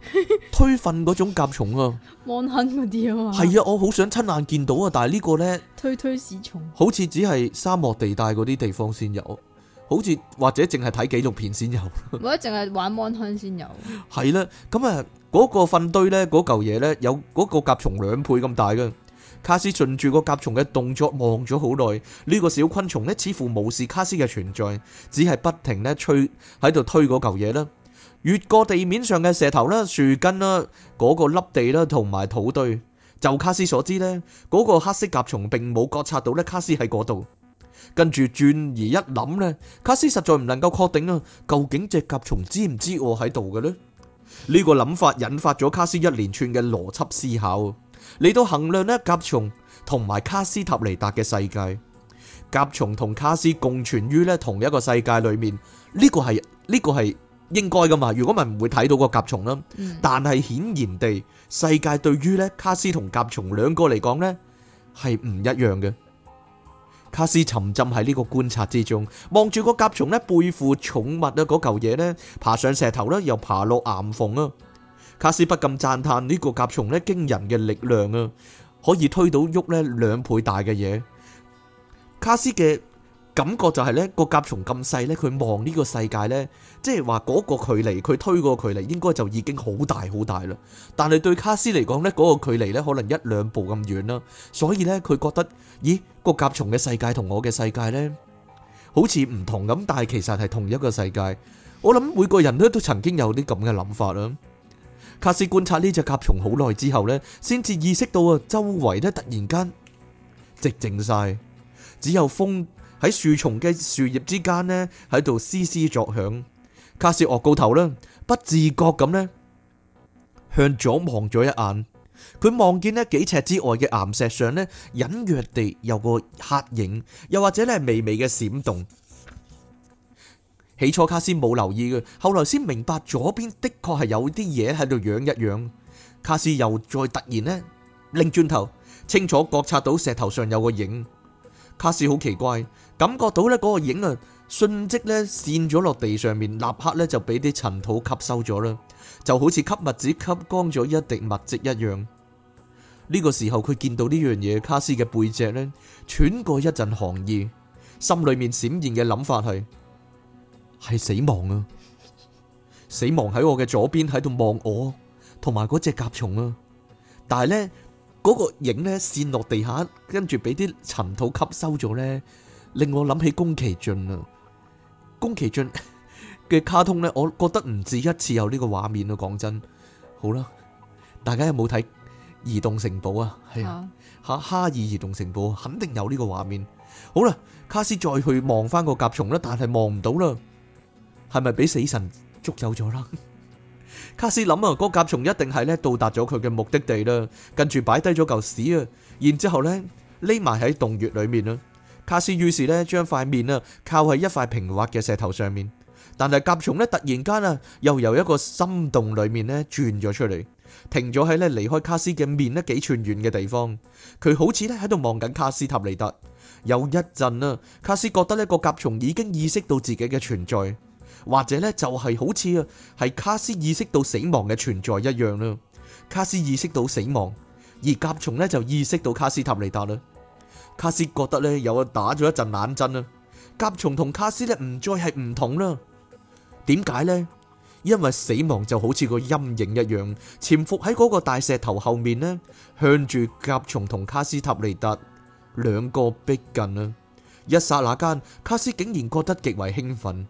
推糞嗰種甲蟲啊，茅坑嗰啲啊嘛。係啊，我好想親眼見到啊，但係呢個咧，推推屎蟲，好似只係沙漠地帶嗰啲地方先有。好似或者淨係睇紀錄片先有，或者淨係玩 m 香先有。 係啦，咁啊，嗰個糞堆咧，嗰嚿嘢咧有嗰個甲蟲兩倍咁大嘅。卡斯順住個甲蟲嘅動作望咗好耐，呢個小昆蟲咧似乎無視卡斯嘅存在，只係不停咧吹喺度推嗰嚿嘢啦，越過地面上嘅石頭啦、樹根啦、嗰個粒地啦同埋土堆。就卡斯所知咧，嗰個黑色甲蟲並冇覺察到咧卡斯喺嗰度。跟住轉而一諗咧，卡斯實在唔能夠確定啊，究竟隻甲蟲知唔知我喺度嘅咧？呢個諗法引發咗卡斯一連串嘅邏輯思考，嚟到衡量咧甲蟲同埋卡斯塔尼達嘅世界，甲蟲同卡斯共存於咧同一個世界裏面，呢個係，呢個係應該噶嘛？如果咪唔會睇到個甲蟲啦，但係顯然地，世界對於咧卡斯同甲蟲兩個嚟講咧係唔一樣嘅。卡斯沉浸喺呢個觀察之中，望住個甲蟲咧背負重物嘅嗰嚿嘢，咧爬上石頭啦，又爬落岩縫啊。卡斯不禁讚嘆呢個甲蟲咧驚人嘅力量啊，可以推到喐咧兩倍大嘅嘢。卡斯嘅感覺就係呢個甲蟲咁細咧，佢望呢個世界咧，即係話嗰個距離佢推個距離應該就已經好大好大啦。但係對卡斯嚟講咧，嗰個距離咧可能一兩步咁遠啦。所以咧佢覺得，咦個甲蟲嘅世界同我嘅世界咧好似唔同咁，但係其實係同一個世界。我諗每個人咧都曾經有啲咁嘅諗法啦。卡斯觀察呢隻甲蟲好耐之後咧，先至意識到啊周圍咧突然間寂靜晒，只有風。喺樹叢嘅樹葉之間呢，喺度嘶嘶作響。卡斯岳高頭，啦，不自覺咁呢，向左望咗一眼，佢望見呢幾尺之外嘅岩石上呢，隱約地有個黑影，又或者呢微微嘅閃動。起初卡斯冇留意嘅，後來先明白左邊的確係有啲嘢喺度養一養。卡斯又再突然呢，擰轉頭，清楚覺察到石頭上有個影。卡斯好奇怪。感覺到呢嗰個影啊，瞬即呢散咗落地上面，立刻呢就俾啲塵土吸收咗啦，就好似吸墨紙吸乾咗一滴墨跡一樣。呢個時候，佢見到呢樣嘢，卡斯嘅背脊呢，喘過一陣寒意，心裏面閃現嘅諗法係係死亡啊！死亡喺我嘅左邊，喺度望我同埋嗰隻甲蟲啊！但係呢，嗰個影呢散落地下，跟住俾啲塵土吸收咗呢。令我諗起宮崎駿啊，宮崎駿嘅卡通咧，我覺得唔止一次有呢個畫面咯。講真，好啦，大家有冇睇《移動城堡》啊？係啊，吓，《哈爾移動城堡》肯定有呢個畫面。好啦，卡斯再去望翻個甲蟲啦，但係望唔到啦，係咪俾死神捉走咗啦？卡斯諗啊，嗰甲蟲一定係咧到達咗佢嘅目的地啦，跟住擺低咗嚿屎啊，然之後咧匿埋喺洞穴裏面啦。卡斯於是咧，將塊面啊靠喺一塊平滑嘅石頭上面。但係甲蟲咧，突然間啊，又由一個心洞裡面咧轉咗出嚟，停咗喺咧離開卡斯嘅面咧幾寸遠嘅地方。佢好似咧喺度望緊卡斯塔尼達。有一陣啦，卡斯覺得咧個甲蟲已經意識到自己嘅存在，或者咧就係好似啊，係卡斯意識到死亡嘅存在一樣啦。卡斯意識到死亡，而甲蟲咧就意識到卡斯塔尼達啦。卡斯覺得咧，有打咗一陣冷震啦。甲蟲同卡斯咧唔再係唔同啦。點解咧？因為死亡就好似個陰影一樣，潛伏喺嗰個大石頭後面咧，向住甲蟲同卡斯塔尼達兩個逼近啦。一剎那間，卡斯竟然覺得極為興奮，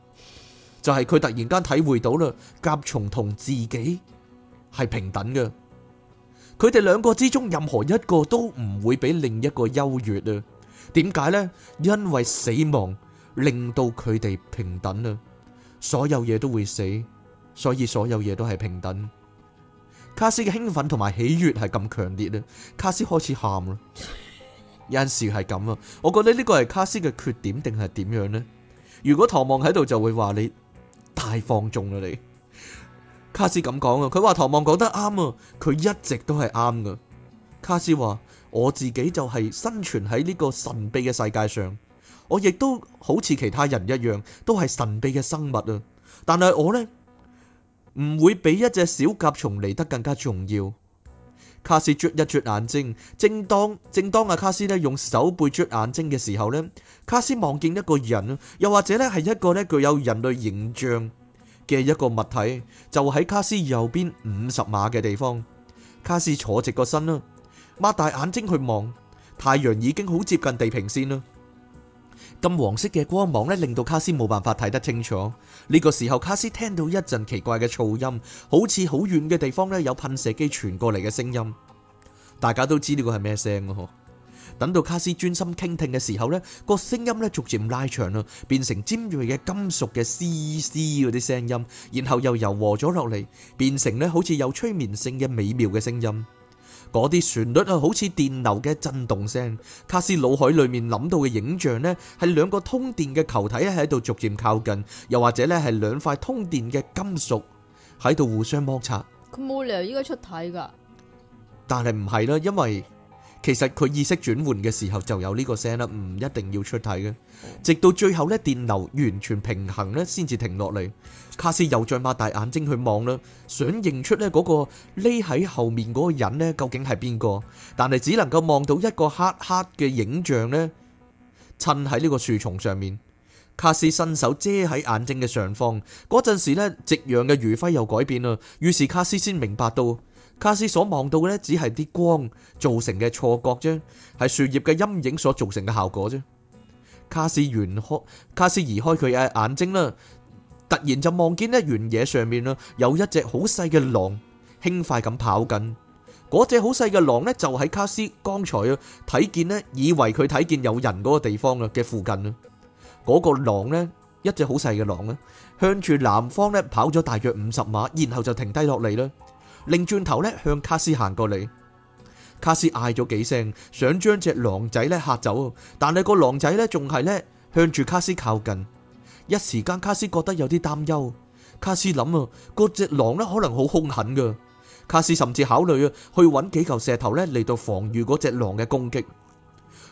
就係佢突然間體會到啦，甲蟲同自己係平等嘅。佢哋兩個之中任何一個都唔會比另一個優越啊。點解呢？因為死亡令到佢哋平等啊！所有嘢都會死，所以所有嘢都係平等。卡斯嘅興奮同埋喜悅係咁強烈啊！卡斯開始喊啦，有陣時係咁啊！我覺得呢個係卡斯嘅缺點定係點樣呢？如果唐望喺度就會話你太放縱啦你。卡斯咁講啊，佢話唐望講得啱啊，佢一直都係啱噶。卡斯話，我自己就係生存喺呢個神秘嘅世界上，我亦都好似其他人一樣，都係神秘嘅生物啊。但係我呢，唔會比一隻小甲蟲嚟得更加重要。卡斯捽一捽眼睛，正當正當阿、啊、卡斯呢用手背捽眼睛嘅時候呢，卡斯望見一個人，又或者呢係一個呢具有人類形象，嘅一個物體就喺卡斯右邊五十碼嘅地方，卡斯坐直個身啦，擘大眼睛去望，太陽已經好接近地平線啦，咁黃色嘅光芒咧令到卡斯冇辦法睇得清楚。呢、這個時候卡斯聽到一陣奇怪嘅噪音，好似好遠嘅地方咧有噴射機傳過嚟嘅聲音，大家都知呢個係咩聲咯。等到卡斯專心傾聽嘅時候咧，個聲音咧逐漸拉長啦，變成尖銳嘅金屬嘅嘶嘶嗰啲聲音，然後又柔和咗落嚟，變成咧好似有催眠性嘅美妙嘅聲音。嗰啲旋律啊，好似電流嘅震動聲。卡斯腦海裏面諗到嘅影像咧，係兩個通電嘅球體喺度逐漸靠近，又或者咧係兩塊通電嘅金屬喺度互相摩擦。佢冇理由應該出體噶，但係唔係啦，因為。其實佢意識轉換嘅時候就有呢個聲啦，唔一定要出體嘅。直到最後呢電流完全平衡呢，先至停落嚟。卡斯又再擘大眼睛去望啦，想認出呢嗰個匿喺後面嗰個人呢，究竟係邊個？但係只能夠望到一個黑黑嘅影像呢，襯喺呢個樹叢上面。卡斯伸手遮喺眼睛嘅上方嗰陣時呢，夕陽嘅餘暉又改變啦，於是卡斯先明白到。卡斯所望到嘅只係啲光造成嘅錯覺啫，係樹葉嘅陰影所造成嘅效果啫。卡斯移開卡斯移開佢嘅眼睛啦，突然就望見呢原野上面啦有一隻好細嘅狼，輕快咁跑緊。嗰隻好細嘅狼呢，就喺卡斯剛才睇見咧，以為佢睇見有人嗰個地方嘅附近啦。嗰、嗰個狼呢，一隻好細嘅狼啦，向住南方呢跑咗大約五十碼，然後就停低落嚟啦。擰轉頭咧，向卡斯行過嚟。卡斯嗌咗幾聲，想將隻狼仔咧嚇走，但係個狼仔咧仲係咧向住卡斯靠近。一時間，卡斯覺得有啲擔憂。卡斯諗啊，個隻狼咧可能好兇狠噶。卡斯甚至考慮啊，去揾幾嚿石頭咧嚟到防禦嗰隻狼嘅攻擊。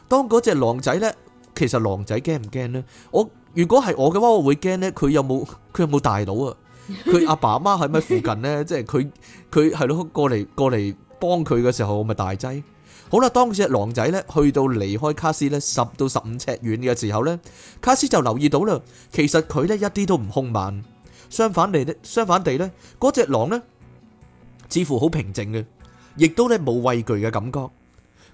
當嗰隻狼仔咧，其實狼仔驚唔驚呢？我如果係我嘅話，我會驚咧。佢有冇佢有冇大腦啊？佢阿爸阿媽喺咪附近呢？即係佢佢係咯過嚟過嚟幫佢嘅時候，咪大劑。好啦。當隻狼仔呢去到離開卡斯呢十到十五尺遠嘅時候呢，卡斯就留意到啦。其實佢呢一啲都唔凶猛，相反地呢，相反地呢，嗰隻狼呢，似乎好平靜嘅，亦都呢冇畏懼嘅感覺。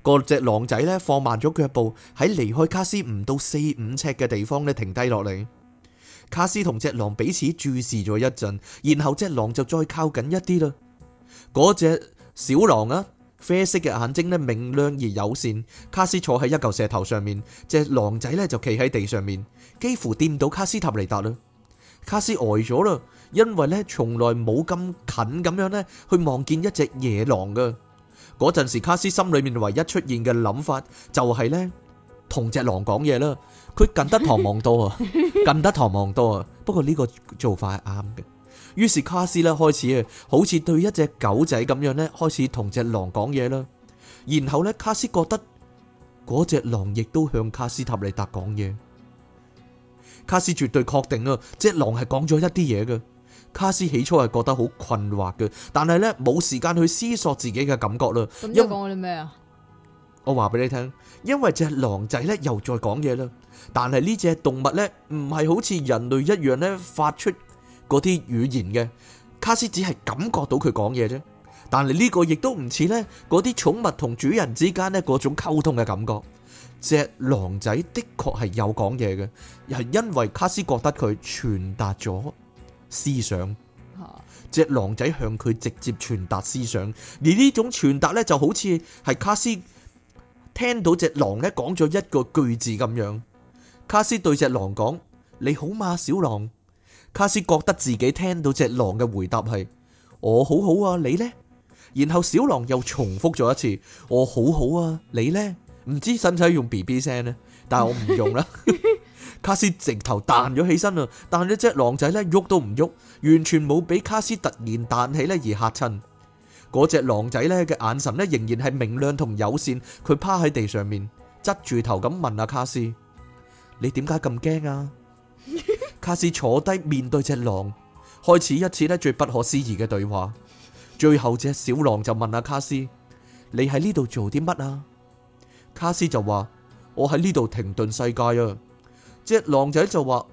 嗰隻狼仔呢放慢咗腳步，喺離開卡斯唔到四五尺嘅地方呢停低落嚟。卡斯同隻狼彼此注視咗一陣，然後隻狼就再靠近一啲啦。嗰隻小狼啊，啡色嘅眼睛呢，明亮而友善。卡斯坐喺一嚿石頭上面，隻狼仔呢就企喺地上面，幾乎掂到卡斯塔尼達啦。卡斯呆咗啦，因為呢，從來冇咁近咁樣呢去望見一隻野狼噶。嗰陣時卡斯心裏面唯一出現嘅諗法就係呢：「同隻狼講嘢啦。」佢近得唐望多啊，近得唐望多啊。不過呢個做法係啱嘅。於是卡斯咧開始啊，好似對一隻狗仔咁樣咧，開始同隻狼講嘢啦。然後咧，卡斯覺得嗰隻狼亦都向卡斯塔利達講嘢。卡斯絕對確定啊，隻狼係講咗一啲嘢嘅。卡斯起初係覺得好困惑嘅，但係咧冇時間去思索自己嘅感覺啦。咁又講啲咩啊？我話俾你聽，因為隻狼仔咧又再講嘢啦。但係呢隻動物呢，唔係好似人類一樣呢，發出嗰啲語言嘅。卡斯只係感覺到佢講嘢啫。但係呢個亦都唔似呢嗰啲寵物同主人之間呢嗰種溝通嘅感覺。隻狼仔的確係有講嘢嘅，係因為卡斯覺得佢傳達咗思想。隻狼仔向佢直接傳達思想，而呢種傳達呢，就好似係卡斯聽到隻狼咧講咗一個句子咁樣。卡斯對隻狼講：你好嗎，小狼。卡斯覺得自己聽到隻狼嘅回答係：我好好啊，你呢？然後小狼又重複咗一次：我好好啊，你呢？唔知使唔使用 BB 聲呢？但係我唔用啦。 卡斯直頭彈咗起身啊，但係隻狼仔咧喐都唔喐，完全冇俾卡斯突然彈起咧而嚇親。嗰隻狼仔咧嘅眼神咧仍然係明亮同友善，佢趴喺地上面，側住頭咁問阿、啊、卡斯。你點解咁驚啊？卡斯坐低面對隻狼，開始一次咧最不可思議嘅對話。最後隻小狼就問阿卡斯：你喺呢度做啲乜啊？卡斯就話：我喺呢度停頓世界啊！隻狼仔就話：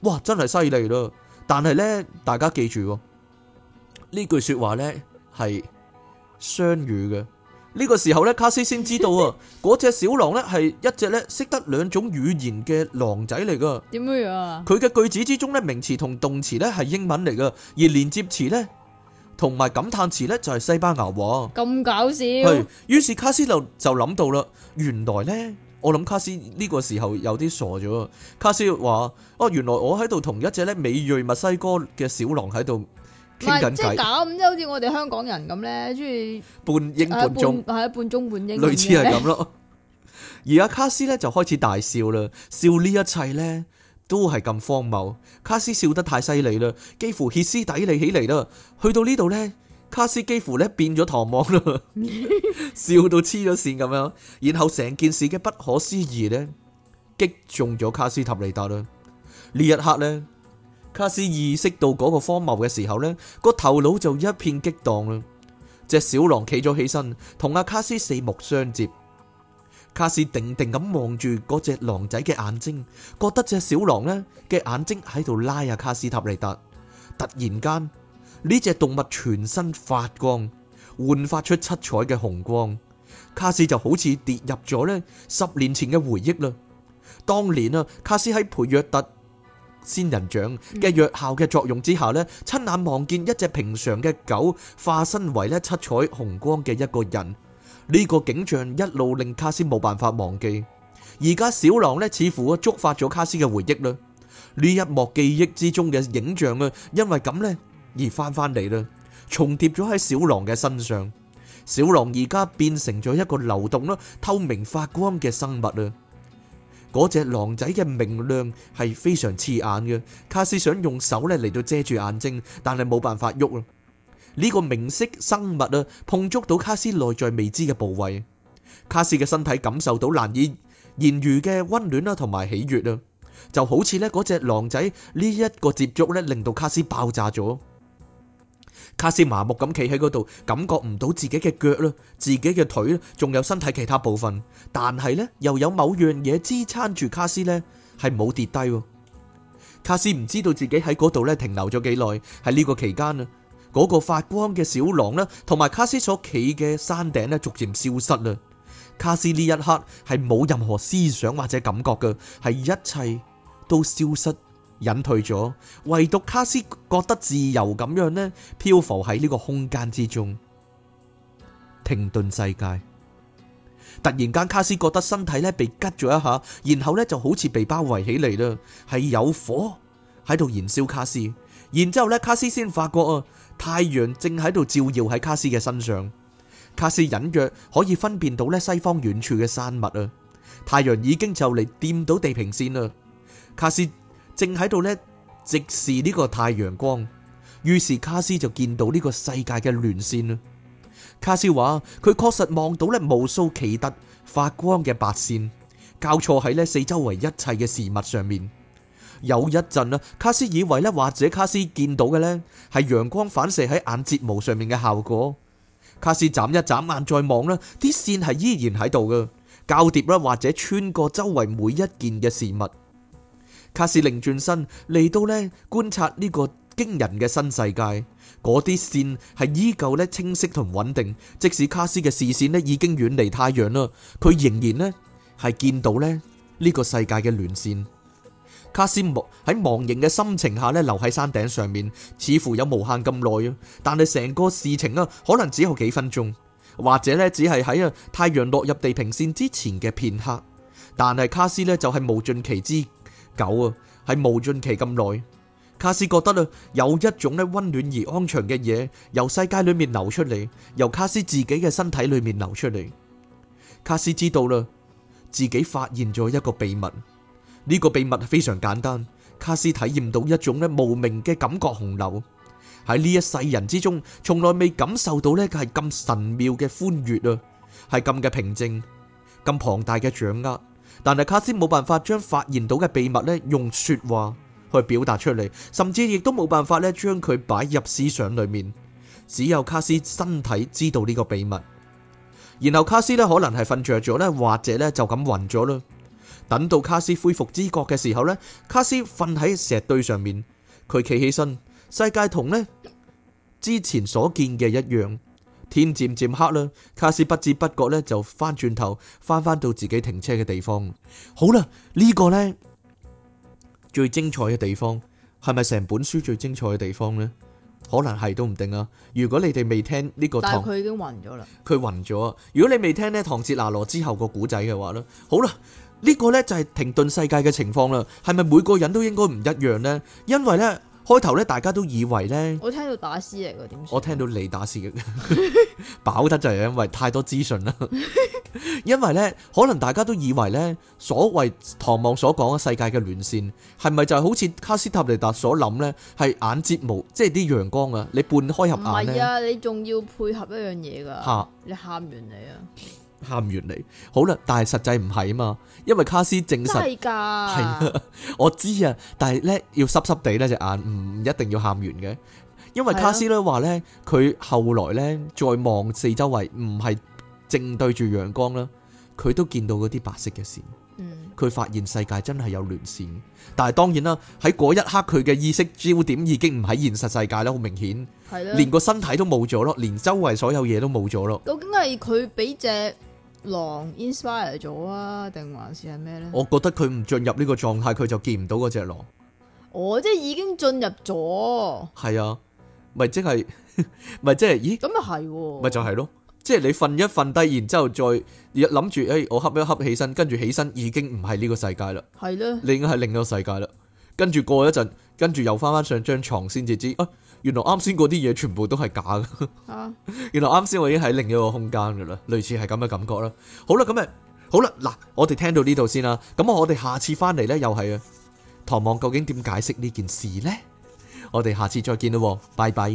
哇，真係犀利咯！但係呢，大家記住呢句說話呢係雙語嘅。呢個時候咧，卡斯先知道啊，嗰隻小狼咧係一隻咧識得兩種語言嘅狼仔嚟噶。點樣啊？佢嘅句子之中咧，名詞同動詞咧係英文嚟噶，而連接詞咧同埋感嘆詞咧就係西班牙話。咁搞笑。係。於是卡斯就就諗到啦，原來咧，我諗卡斯呢個時候有啲傻咗。卡斯話：哦，原來我喺度同一隻咧美瑞墨西哥嘅小狼喺度。唔即係咁，即係好似我哋香港人咁咧，中意半英半中，係啊,啊，半中半英,英，類似係咁咯。而阿卡斯咧就開始大笑啦，笑呢一切咧都係咁荒謬。卡斯笑得太犀利啦，幾乎歇斯底里起嚟啦。去到呢度咧，卡斯幾乎咧變咗唐望啦,， 笑到黐咗線咁樣。然後成件事嘅不可思議咧，擊中咗卡斯塔尼達啦。呢一刻咧。卡斯意識到嗰個荒謬嘅時候，呢個頭腦就一片激蕩啦。隻小狼企咗起身，同阿卡斯四目相接。卡斯定定咁望住嗰隻狼仔嘅眼睛，覺得隻小狼呢嘅眼睛喺度拉阿卡斯塔利達。突然間，呢隻動物全身發光，煥發出七彩嘅紅光。卡斯就好似跌入咗呢十年前嘅回憶啦。當年啊，卡斯喺培約特仙人掌嘅藥效嘅作用之下咧，親眼望見一隻平常嘅狗化身為咧七彩紅光嘅一個人，呢個景象一路令卡斯冇辦法忘記。而家小狼咧，似乎觸發咗卡斯嘅回憶啦，呢一幕記憶之中嘅影像啊，因為咁咧而翻翻嚟啦，重疊咗喺小狼嘅身上。小狼而家變成咗一個流動啦、透明發光嘅生物啦。嗰隻狼仔嘅明亮係非常刺眼嘅，卡斯想用手咧嚟到遮住眼睛，但係冇辦法喐啦。呢、這個明色生物啊，碰觸到卡斯內在未知嘅部位，卡斯嘅身體感受到難以言喻嘅溫暖啊，同埋喜悅啊，就好似咧嗰隻狼仔呢一個接觸咧，令到卡斯爆炸咗。卡斯麻木咁企喺嗰度，感覺唔到自己嘅腳啦，自己嘅腿仲有身體其他部分，但係呢，又有某樣嘢支撐住卡斯呢，係冇跌低。卡斯唔知道自己喺嗰度呢停留咗幾耐，喺呢個期間啊，嗰個發光嘅小狼啦，同埋卡斯所企嘅山頂呢，逐漸消失啦。卡斯呢一刻係冇任何思想或者感覺嘅，係一切都消失。隱退咗，唯獨卡斯覺得自由咁樣呢，漂浮喺呢個空間之中，停頓世界。突然間，卡斯覺得身體咧被拮咗一下，然後咧就好似被包圍起嚟啦，係有火喺度燃燒卡斯。然之後咧，卡斯先發覺啊，太陽正喺度照耀喺卡斯嘅身上。卡斯隱約可以分辨到咧西方遠處嘅山脈啊，太陽已經就嚟掂到地平線啦。卡斯。正喺度呢，直視呢個太陽光，於是卡斯就見到呢個世界嘅連線啦。卡斯話佢確實望到呢無數奇特發光嘅白線交錯喺呢四周圍一切嘅事物上面。有一陣啦，卡斯以為呢，或者卡斯見到嘅呢，係陽光反射喺眼睫毛上面嘅效果。卡斯眨一眨眼再望啦，啲線係依然喺度嘅，交疊啦或者穿過周圍每一件嘅事物。卡斯擰轉，轉身嚟到呢，觀察呢個驚人嘅新世界，嗰啲線係依舊咧清晰同穩定，即使卡斯嘅視線咧已經遠離太陽啦，佢仍然咧係見到咧呢個世界嘅聯線。卡斯莫喺茫然嘅心情下咧留喺山頂上面，似乎有無限咁耐啊，但係成個事情啊可能只有幾分鐘，或者咧只係喺啊太陽落入地平線之前嘅片刻。但係卡斯呢，就係無盡其之。久啊，喺無盡期咁耐。卡斯覺得啦，有一種咧溫暖而安詳嘅嘢，由世界裏面流出嚟，由卡斯自己嘅身體裏面流出嚟。卡斯知道啦，自己發現咗一個秘密。呢個秘密非常簡單。卡斯體驗到一種咧無名嘅感覺洪流，喺呢一世人之中，從來未感受到咧係咁神妙嘅歡悅啊，係咁嘅平靜，咁龐大嘅掌握。但係卡斯冇辦法將發現到嘅秘密咧用說話去表達出嚟，甚至亦都冇辦法咧將佢擺入思想裏面。只有卡斯身體知道呢個秘密。然後卡斯咧可能係瞓着咗咧，或者咧就咁暈咗啦。等到卡斯恢復知覺嘅時候呢，卡斯瞓喺石堆上面，佢企起身，世界同呢之前所見嘅一樣。天漸漸黑啦，卡斯不知不覺咧就翻轉頭，翻翻到自己停車嘅地方。好啦，呢個咧最精彩嘅地方係咪成本書最精彩嘅地方咧？可能係都唔定啊。如果你哋未聽呢個，但係佢已經暈咗啦。佢暈咗。如果你未聽咧唐哲拿羅之後個古仔嘅話咧，好啦，呢個咧就係停頓世界嘅情況啦。係咪每個人都應該唔一樣咧？因為咧。開頭咧，大家都以為呢，我聽到打私嚟，點解？我聽到你打私嘅飽得就係因為太多資訊啦。 因為呢，可能大家都以為呢，所謂唐望所講嘅世界嘅連線，係咪就係好似卡斯塔尼達所諗呢？係眼睫毛，即係啲陽光啊！你半開合眼咧，唔係啊，你仲要配合一樣嘢噶，下你喊完你啊！喊完嚟，好啦，但係實際唔係啊嘛，因為卡斯證實係噶，我知啊，但係咧要濕濕地咧隻眼，唔唔一定要喊完嘅，因為卡斯咧話咧，佢後來咧再望四周圍，唔係正對住陽光啦，佢都見到嗰啲白色嘅線，佢發現世界真係有亂線，但係當然啦，喺嗰一刻佢嘅意識焦點已經唔喺現實世界啦，好明顯，係啦，連個身體都冇咗咯，連周圍所有嘢都冇咗咯，究竟係佢俾只？狼 inspire 咗啊，定還是係咩呢？我覺得佢唔進入呢個狀態，佢就見唔到嗰隻狼。我即係已經進入咗。係啊，咪即係咪即係？咦，咁又係？咪就係咯。即係你瞓一瞓低，然之後再諗住，誒、哎，我瞌一瞌起身，跟住起身已經唔係呢個世界啦。係咯，你已經係另一個世界啦。跟住過一陣，跟住又翻翻上張床，先至知啊。原來啱先嗰啲嘢全部都係假嘅，啊、原來啱先我已經喺另一個空間㗎啦，類似係咁嘅感覺啦。好啦，咁啊，好啦，嗱，我哋聽到呢度先啦，咁我哋下次翻嚟咧又係啊，唐望究竟點解釋呢件事咧？我哋下次再見啦，拜拜。